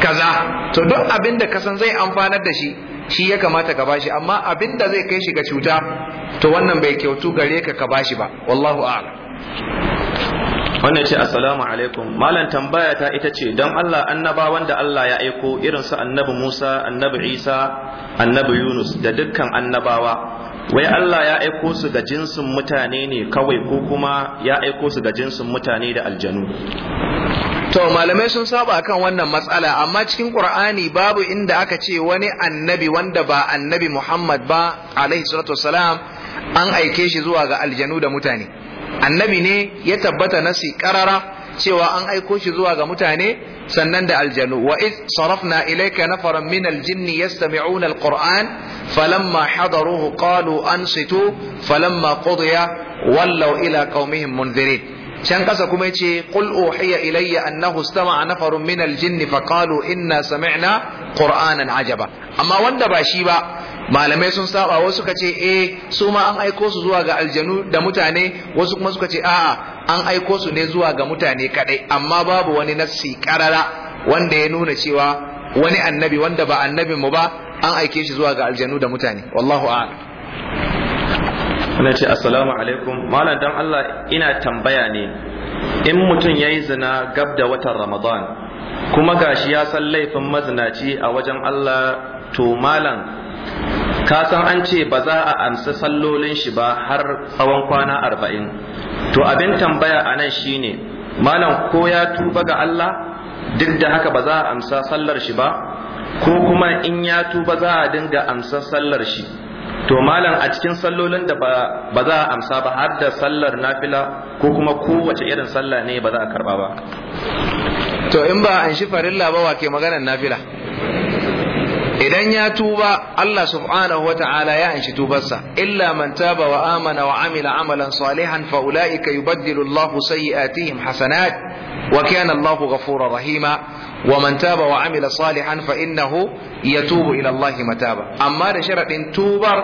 kaza to duk abin da san zai amfanar da shi shi ya kamata ka bashi amma abin da zai kai shi ga cuta to wannan bai kyautu gare ka ka bashi ba wallahu a'lam wannan ce assalamu alaikum malam tambaya ta ita ce don Allah annaba wanda Allah ya aiko irin su annabi Musa annabi Isa annabi Yunus da dukkan annabawa wai Allah ya aiko su ga jinsin mutane ne kawai ko kuma ya aiko su ga jinsin mutane da aljanu to malamai sun saba kan wannan matsala amma cikin Qur'ani babu inda aka ce wani annabi wanda ba annabi Muhammad ba alaihi salatu wassalam an aike shi zuwa ga aljanu da mutane annabi ne ya tabbata nasi karara cewa an aiko shi zuwa ga mutane sannan da aljanu wa iz sarafna ilayka nafaran min aljinn yastami'una alquran falamma hadaruhu qalu ansitu falamma qudiya wallaw ila qaumihim munzirin can kasa kuma yace qul uhiya ilayya annahu istama'a nafarun min aljinn faqalu inna sami'na qur'anan ajaba amma wanda ba shi ba malamai sun saba wasu suka ce eh su ma an aiko su zuwa ga aljanu da mutane wasu kuma suka ce a'a an aiko su ne zuwa ga mutane kadai amma babu wani nassi karara wanda ya nuna cewa wani annabi wanda ba annabin mu ba an aike shi zuwa ga aljanu da mutane wallahu a'lam ce assalamu alaikum malam dan Allah ina tambaya ne in mutum yayi zina gab da watan Ramadan kuma gashi ya san laifin mazinaci a wajen Allah to malam ka san an ce ba za a amsa sallolin shi ba har tsawon kwana arba'in to abin tambaya a nan shine malam ko ya tuba ga Allah duk da haka ba za a amsa sallar shi ba ko kuma in ya tuba za a dinga amsa sallar shi to malam a cikin sallolin da ba za a amsa ba har da sallar nafila ko kuma kowace irin sallah ne ba za a karba ba to in ba an shi farilla ba wa ke maganar nafila idan ya tuba Allah subhanahu wa ta'ala ya anshi tubarsa illa man taba wa amana wa amila amalan salihan fa ulaika yubaddilu Allahu sayyi'atihim hasanat wa kana Allahu ghafurur rahima wa man taba wa amila salihan fa innahu yatubu ila Allah mataba amma da sharadin tubar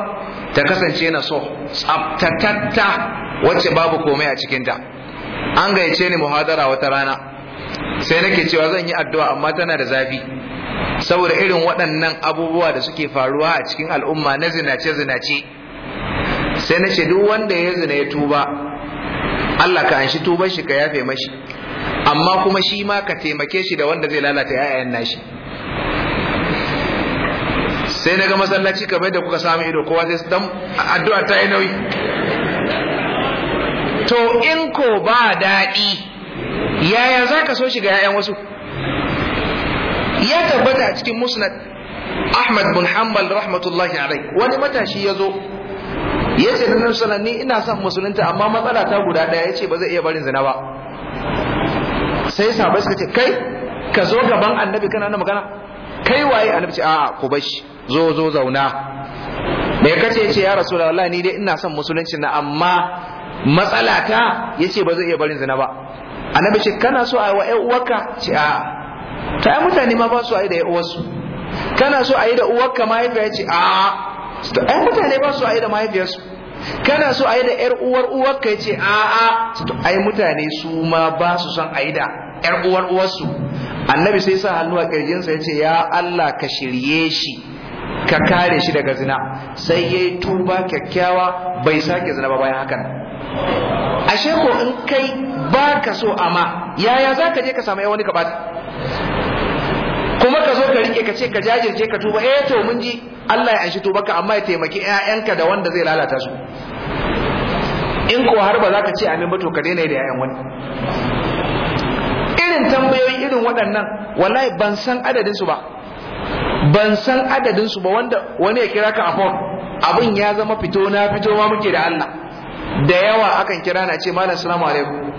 ta kasance na so tsaftatatta wacce babu komai a cikin ta an gayyace ni muhadara wata rana sai nake cewa zan yi addu'a amma tana da zafi saboda irin waɗannan abubuwa da suke faruwa a cikin al'umma na zinace-zinace sai na ce duk wanda ya zina ya tuba Allah ka shi tuban shi ka yafe mashi amma kuma shi ma ka taimake shi da wanda zai lalata 'ya'yan nashi sai na ga masallaci kamar da kuka samu ido kowa sai dan addu'a ta yi nauyi to in ko ba daɗi yaya za ka so shiga 'ya'yan wasu ya tabbata a cikin musnad Ahmad bin Hanbal rahmatullahi alai wani matashi ya zo ya ce da nan ni ina son musulunta amma matsala ta guda ɗaya ya ce ba zai iya barin zina ba sai sahabai suka ce kai ka zo gaban annabi kana na magana kai waye annabi ce a'a ku bashi zo zo zauna da ya kace ce ya rasulullahi ni dai ina son musulunci na amma matsala ta yace ba zai iya barin zina ba annabi ce kana so a wa ƴan uwarka ce a ta ai mutane ma ba su a yi da uwarsu kana so a yi da ka mahaifiya ya ce a ai mutane ba su a yi da mahaifiyarsu kana so a yi da yar uwar uwar ya ce a a ai mutane su ma ba su son a yi da yar uwar uwarsu annabi sai sa hannu a kirjinsa ya ce ya Allah ka shirye shi ka kare shi daga zina sai ya yi tuba kyakkyawa bai sake zina ba bayan hakan ashe ko in kai ba ka so amma yaya za ka je ka samu wani ka bata kuma ka zo ka rike ka ce ka jajirce ka tuba eh to mun ji Allah ya anshi tuba ka amma ya taimaki ƴaƴanka da wanda zai lalata su in ko har ba za ka ce amin ba to ka daina da ƴaƴan wani irin tambayoyi irin waɗannan wallahi ban san adadin su ba ban san adadin su ba wanda wani ya kira ka a phone abin ya zama fito na fito ma muke da Allah da yawa akan kira na ce malam salamu alaikum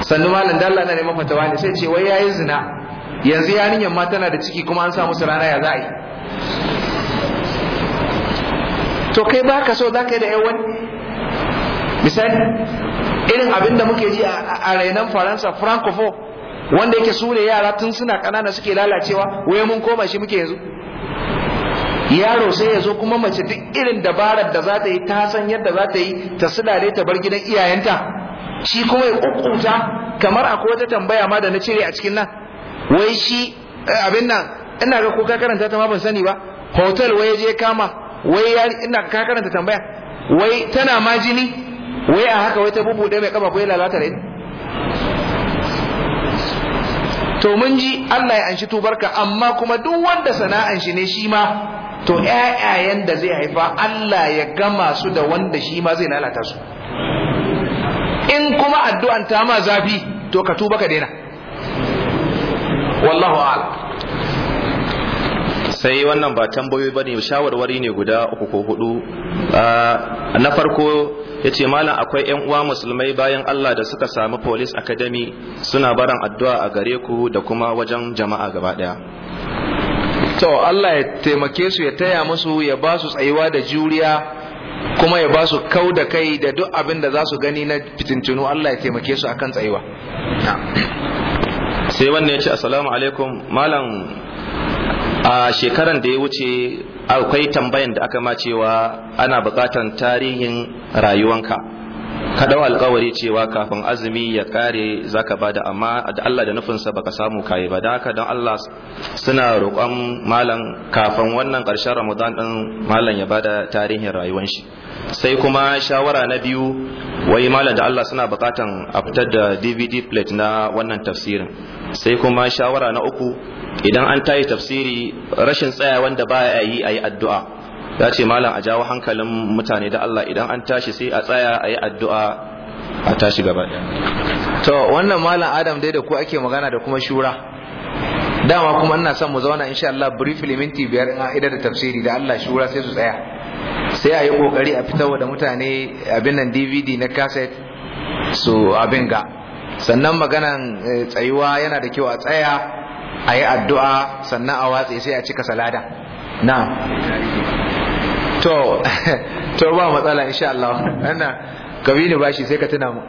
sannu malam dalla na neman fatawa ne sai ce wai yayi zina yanzu yarinyar ma tana da ciki kuma an sa musu rana ya za'a yi to kai baka so zaka yi da yawan misali irin abin da muke ji a rainan faransa francofo wanda yake sune yara tun suna kanana suke lalacewa wai mun koma shi muke yanzu yaro sai ya zo kuma mace duk irin dabarar da za ta yi ta san yadda za ta yi ta sulare ta bar gidan iyayenta shi kuma ya kukkuta kamar akwai wata tambaya ma da na cire a cikin nan wai shi eh, abin nan ina ga ko ka karanta ta ma ban sani ba hotel wai je kama wai ina ka karanta tambaya wai tana ma jini wai a haka wai ta bubuɗe mai kafa ko ya lalata da to mun ji Allah ya anshi tubarka amma kuma duk wanda sana'an shi ne shi ma to ƴaƴayen da zai haifa Allah ya gama su da wanda shi ma zai lalata su in kuma addu'an ta ma zafi to ka tuba ka daina wallahu a'lam sai wannan ba tambayoyi ba ne shawarwari ne guda uku ko hudu ah, na farko ya ce malam akwai 'yan uwa musulmai bayan Allah da suka samu police academy suna baran addu'a a gare ku da kuma wajen jama'a gaba daya to Allah ya taimake su ya taya musu ya ba su tsayuwa da juriya kuma ya ba su kau da kai da duk abin da za su gani na fitintunu Allah ya taimake su akan tsayuwa sai wannan ya ce assalamu alaikum malam a shekaran da ya wuce akwai tambayan da aka ma cewa ana bukatan tarihin rayuwanka ka dau alƙawari cewa kafin azumi ya kare zaka bada amma da Allah da nufinsa baka samu kai ba da haka don Allah suna roƙon malam kafin wannan ƙarshen Ramadan din malam ya bada tarihin rayuwar shi sai kuma shawara na biyu wai malam da Allah suna buƙatan a fitar da DVD plate na wannan tafsirin sai kuma shawara na uku idan an tayi tafsiri rashin tsaya wanda ba ya yi ayi addu'a ya ce malam a jawo hankalin mutane da Allah idan an tashi sai a tsaya a yi addu'a a tashi gaba to wannan malam adam dai da ku ake magana da kuma shura dama kuma ina son mu zauna insha Allah briefly minti biyar in ida da tafsiri da Allah shura sai su tsaya sai a yi kokari a fitar da mutane abin nan DVD na cassette su abin ga sannan maganan eh, tsayuwa yana da kyau a tsaya a yi addu'a sannan a watse sai a cika salada na'am to to ba matsala insha Allah ana ne bashi sai ka tuna mu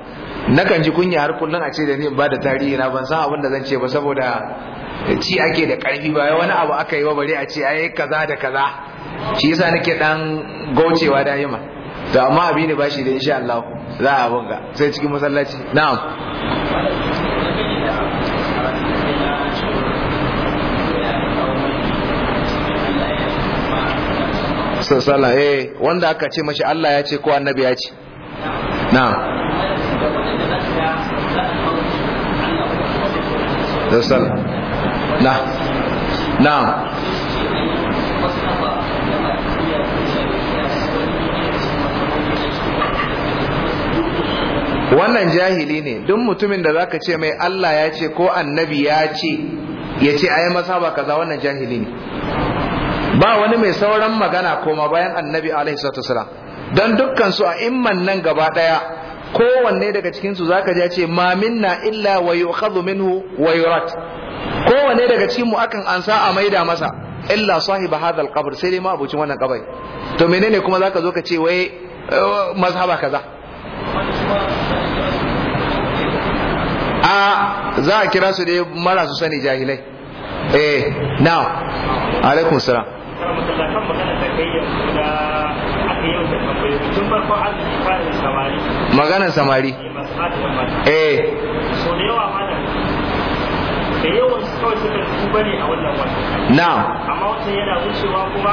nakan ji kunya har kullun a ce da ni ba da tarihi na ban san abin da zan ce ba saboda ci ake da karfi ba wani abu aka yi wa bare a ce ai kaza da kaza shi yasa nake dan gaucewa da yima to amma abini bashi da insha Allah za a bunga sai cikin masallaci na'am sallallahu eh wanda aka ce mashi Allah ya ce ko annabi ya ce na'am sallallahu na na'am wannan jahili ne duk mutumin da zaka ce mai Allah ya ce ko annabi ya ce ya ce ayi masaba kaza wannan jahili ne ba wani mai sauran magana koma bayan annabi alaihi salatu wasalam dan dukkan su a imman nan gaba daya kowanne daga cikin su zaka ja ce ma minna illa wa yu'khadhu minhu wa yurat kowanne daga cikin mu akan ansa a maida masa illa sahiba hadha alqabr sai dai ma abuci wannan kabai to menene kuma zaka zo ka ce wai eh, mazhaba kaza a za a kira su dai marasu sani jahilai eh now alaikum salam Maganan kan magana da kai da aka yau samari magana eh, samari eh so da yawa a wannan amma wata yana wucewa kuma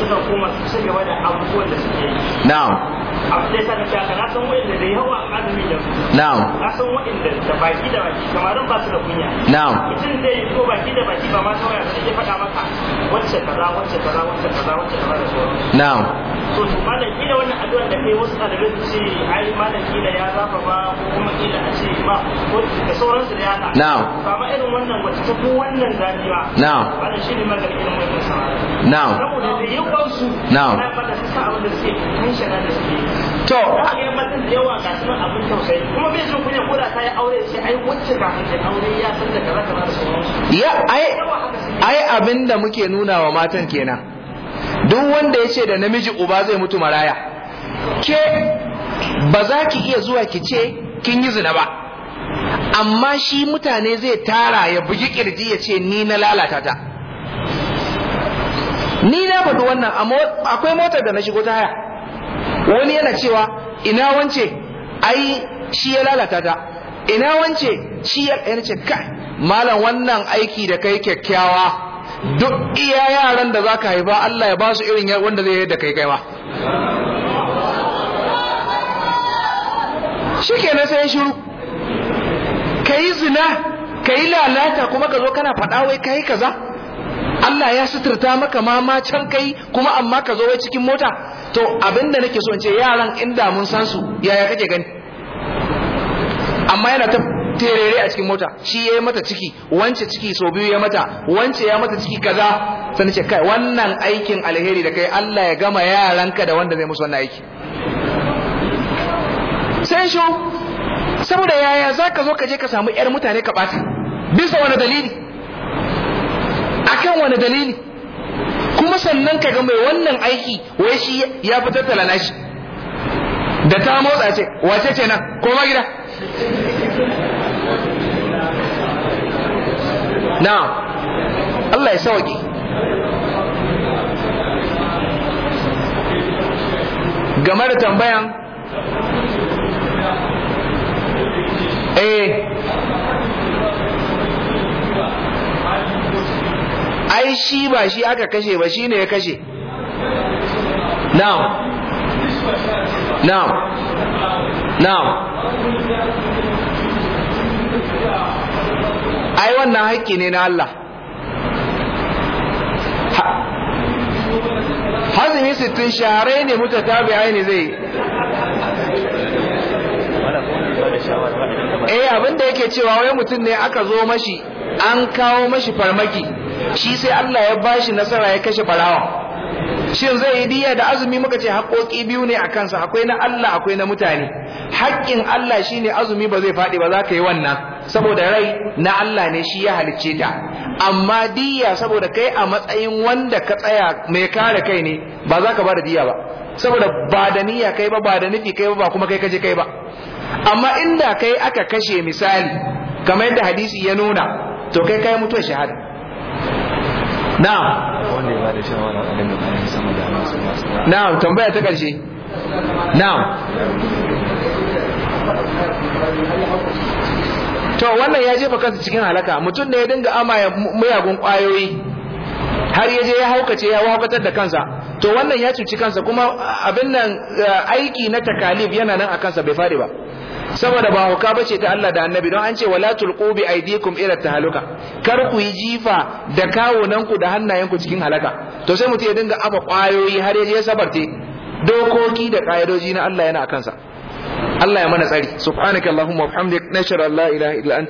suka koma su gaba da abubuwan da suke yi na'am abin da ya sani cewa na san wa'inda da yawa azumi da su na'am na san wa'inda da baki da baki samarin ba su da kunya na'am mutum da yi ko baki da baki ba ma sauraya sai ya faɗa maka wacce kaza wacce kaza wacce kaza wacce kaza da sauran na'am to to malam kila wannan addu'a da kai wasu ɗalibai su ce ai malam kila ya zafa ba ko kuma kila a ce ba ko da sauransu da yaka na'am ba irin wannan wacce ta ku wannan zafi ba na'am ba da shi ne maganin irin wannan sana'a na'am saboda da yawan su na'am na fada su sa abin da suke kan shana da suke to yawa ga su abin kuma bai kunya koda ta yi aure sai ai wacce ta aure ya san da kaza kaza da sauransu ya ai ai abin da muke nuna wa matan kenan duk wanda ya ce da namiji uba zai mutu maraya ke ba za ki iya zuwa ki ce kin yi zina ba amma shi mutane zai tara ya bugi kirji ya ce ni na lalata ta ni na faɗi wannan akwai motar da na shigo ta haya wani yana cewa ina wance ai shi ya lalata ta ina wance shi ya yana ce kai malam wannan aiki da kai kyakkyawa duk iya yaran da zaka haifa Allah ya ba su irin wanda zai yi da kai kaiwa shi na sai shiru ka yi zina ka yi lalata kuma ka zo kana faɗa wai ka yi kaza Allah ya suturta maka ma ma kai kuma amma ka zo wai cikin mota to abinda nake so in ce yaran inda mun san su yaya kake gani amma yana ta terere a cikin mota shi ya yi mata ciki wance ciki so biyu ya mata wance ya mata ciki kaza sai ce kai wannan aikin alheri da kai Allah ya gama yaranka da wanda zai musu wannan aiki sai shi saboda yaya za zo ka je ka samu 'yar mutane ka ɓata bisa wani dalili akan wani dalili sannan ka ga mai wannan aiki wai shi ya fi tattala nashi da ta motsa ce wace ce nan koma gida na Allah ya sauke game da tambayan eh ai shi ba shi aka kashe ba shi ne ya kashe now now now ai wannan haƙƙi ne na Allah hazimi sittin shaharai ne muta biya ne zai eh abinda yake cewa wai mutum ne aka zo mashi an kawo mashi farmaki shi sai Allah ya bashi nasara ya kashe barawon. shin zai yi diya da azumi muka ce haƙoƙi biyu ne a kansa akwai na Allah akwai na mutane haƙƙin Allah shi ne azumi ba zai faɗi ba za ka yi wannan saboda rai na Allah ne shi ya halicce ta amma diya saboda kai a matsayin wanda ka tsaya mai kare kai ne ba za ka bada diya ba saboda ba da niyya kai ba ba da nufi kai ba ba kuma kai kaje kai ba amma inda kai aka kashe misali kamar yadda hadisi ya nuna to kai kai mutuwar shahada na'am tambaya ta karshe na'am to wannan ya jefa kansa cikin halaka mutum ne ya dinga amaya miyagun kwayoyi har yaje ya haukace ya haukatar da kansa to wannan ya cuci kansa kuma abin nan aiki na takalif yana nan a kansa bai fare ba saboda ba hauka bace ta Allah da annabi don an ce wala tulqu bi aydikum ila tahaluka kar ku yi jifa da kawunan ku da ku cikin halaka to sai mutum ya dinga aba kwayoyi har ya je sabarte dokoki da ka'idoji na Allah yana kansa Allah ya mana tsari Subhanaka allahumma wa bihamdika nashara la ilaha illa anta